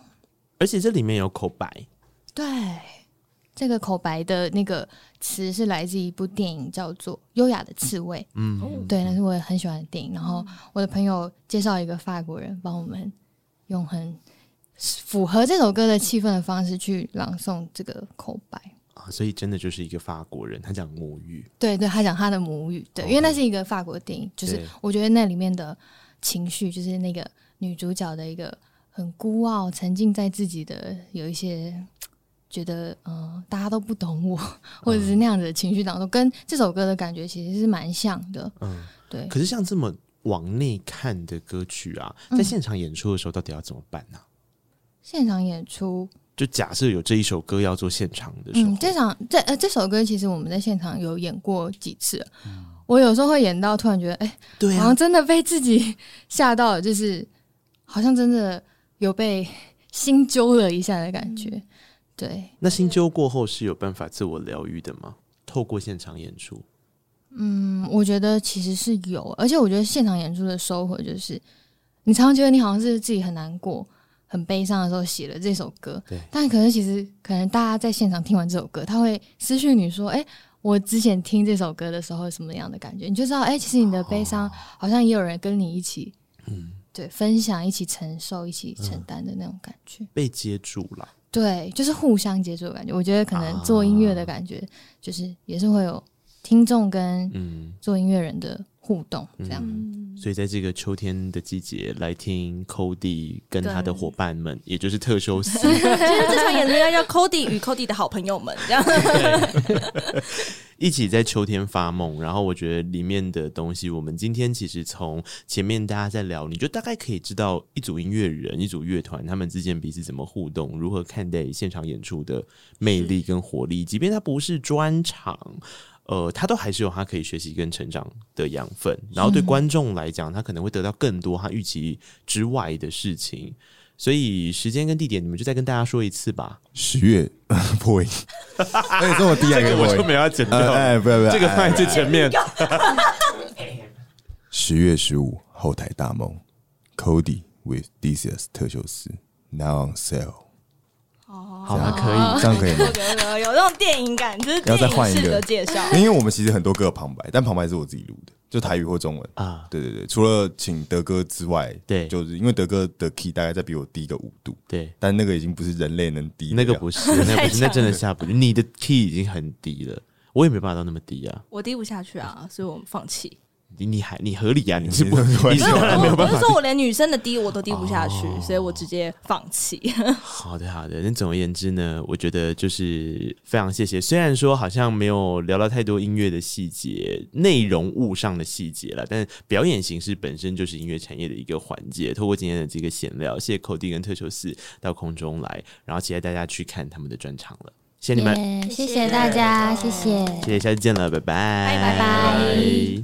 而且這裡面有口白，對，這個口白的那個詞是來自一部電影，叫做《優雅的刺蝟》，嗯，對，那是我很喜歡的電影。然後我的朋友介紹一個法國人幫我們用很。符合這首歌的氣氛的方式去朗誦這個口白啊，所以真的就是一個法國人，他講母語，對對，他講他的母語，對、哦，因為那是一個法國電影，就是我覺得那裡面的情緒，就是那個女主角的一個很孤傲，沉浸在自己的有一些覺得嗯、呃，大家都不懂我，或者是那樣子的情緒當中、嗯，跟這首歌的感覺其實是蠻像的，嗯，對。可是像這麼往內看的歌曲啊，在現場演出的時候，到底要怎麼辦呢、啊？嗯現場演出，就假設有這一首歌要做現場的時候。候、嗯，這場這呃這首歌，其實我們在現場有演過幾次、嗯。我有時候會演到突然覺得，哎、欸，對、啊，好像真的被自己嚇到了，就是好像真的有被心揪了一下的感覺。嗯、對，那心揪過後是有辦法自我療癒的嗎？透過現場演出？嗯，我覺得其實是有，而且我覺得現場演出的收穫就是，你常常覺得你好像是自己很難過。很悲傷的時候寫了這首歌，對。但可是其實可能大家在現場聽完這首歌，他會私訊你說：“誒、欸，我之前聽這首歌的時候什麼樣的感覺？”你就知道，誒、欸，其實你的悲傷好像也有人跟你一起、哦，嗯，對，分享、一起承受、一起承擔的那種感覺，嗯、被接住了。對，就是互相接住的感覺。我覺得可能做音樂的感覺、啊，就是也是會有聽眾跟嗯做音樂人的。互動這樣、嗯，所以在這個秋天的季節來聽 Codie 跟他的夥伴們，也就是忒修斯，其 實這場演出要叫 Codie 與 Codie 的好朋友們這樣， 一起在秋天發夢。然後我覺得裡面的東西，我們今天其實從前面大家在聊，你就大概可以知道一組音樂人、一組樂團他們之間彼此怎麼互動，如何看待現場演出的魅力跟活力，即便他不是專場呃，他都還是有他可以學習跟成長的養分，然後對觀眾來講，他可能會得到更多他預期之外的事情。所以時間跟地點，你們就再跟大家說一次吧。十月 p o i n 哎，這麼低，這個我就沒要剪掉，哎，不要不要，這個放在最前面。十、欸欸欸欸欸欸欸欸、月十五，後台大夢 ，Codie with DCS 忒修斯，Now on sale 好啊，可以，這樣可以。啊，這可以，我覺得有那種電影感，就是電影式的介紹。因為我們其實很多歌有旁白，但旁白是我自己錄的，就台語或中文。啊，對對對，除了請德哥之外，對，就是因為德哥的 key 大概在比我低個五度。對，但那個已經不是人類能低的。那個不是，那不是 那真的下不去。你的 key 已經很低了，我也沒辦法到那麼低啊。我低不下去啊，所以我們放棄。你還你合理啊？你是不能說 你是我不 沒有辦法我。就是、說我連女生的低我都低不下去，哦，所以我直接放棄。哦、 好的好的，那總而言之呢，我覺得就是非常謝謝。雖然說好像沒有聊到太多音樂的細節、內容物上的細節了，但是表演形式本身就是音樂產業的一個環節。透過今天的這個閒聊，謝謝 Codie 跟忒修斯到空中來，然後期待大家去看他們的專場了。謝謝你們，yeah, 謝謝大家，謝謝，謝謝，下次見了，拜拜，拜拜。Bye bye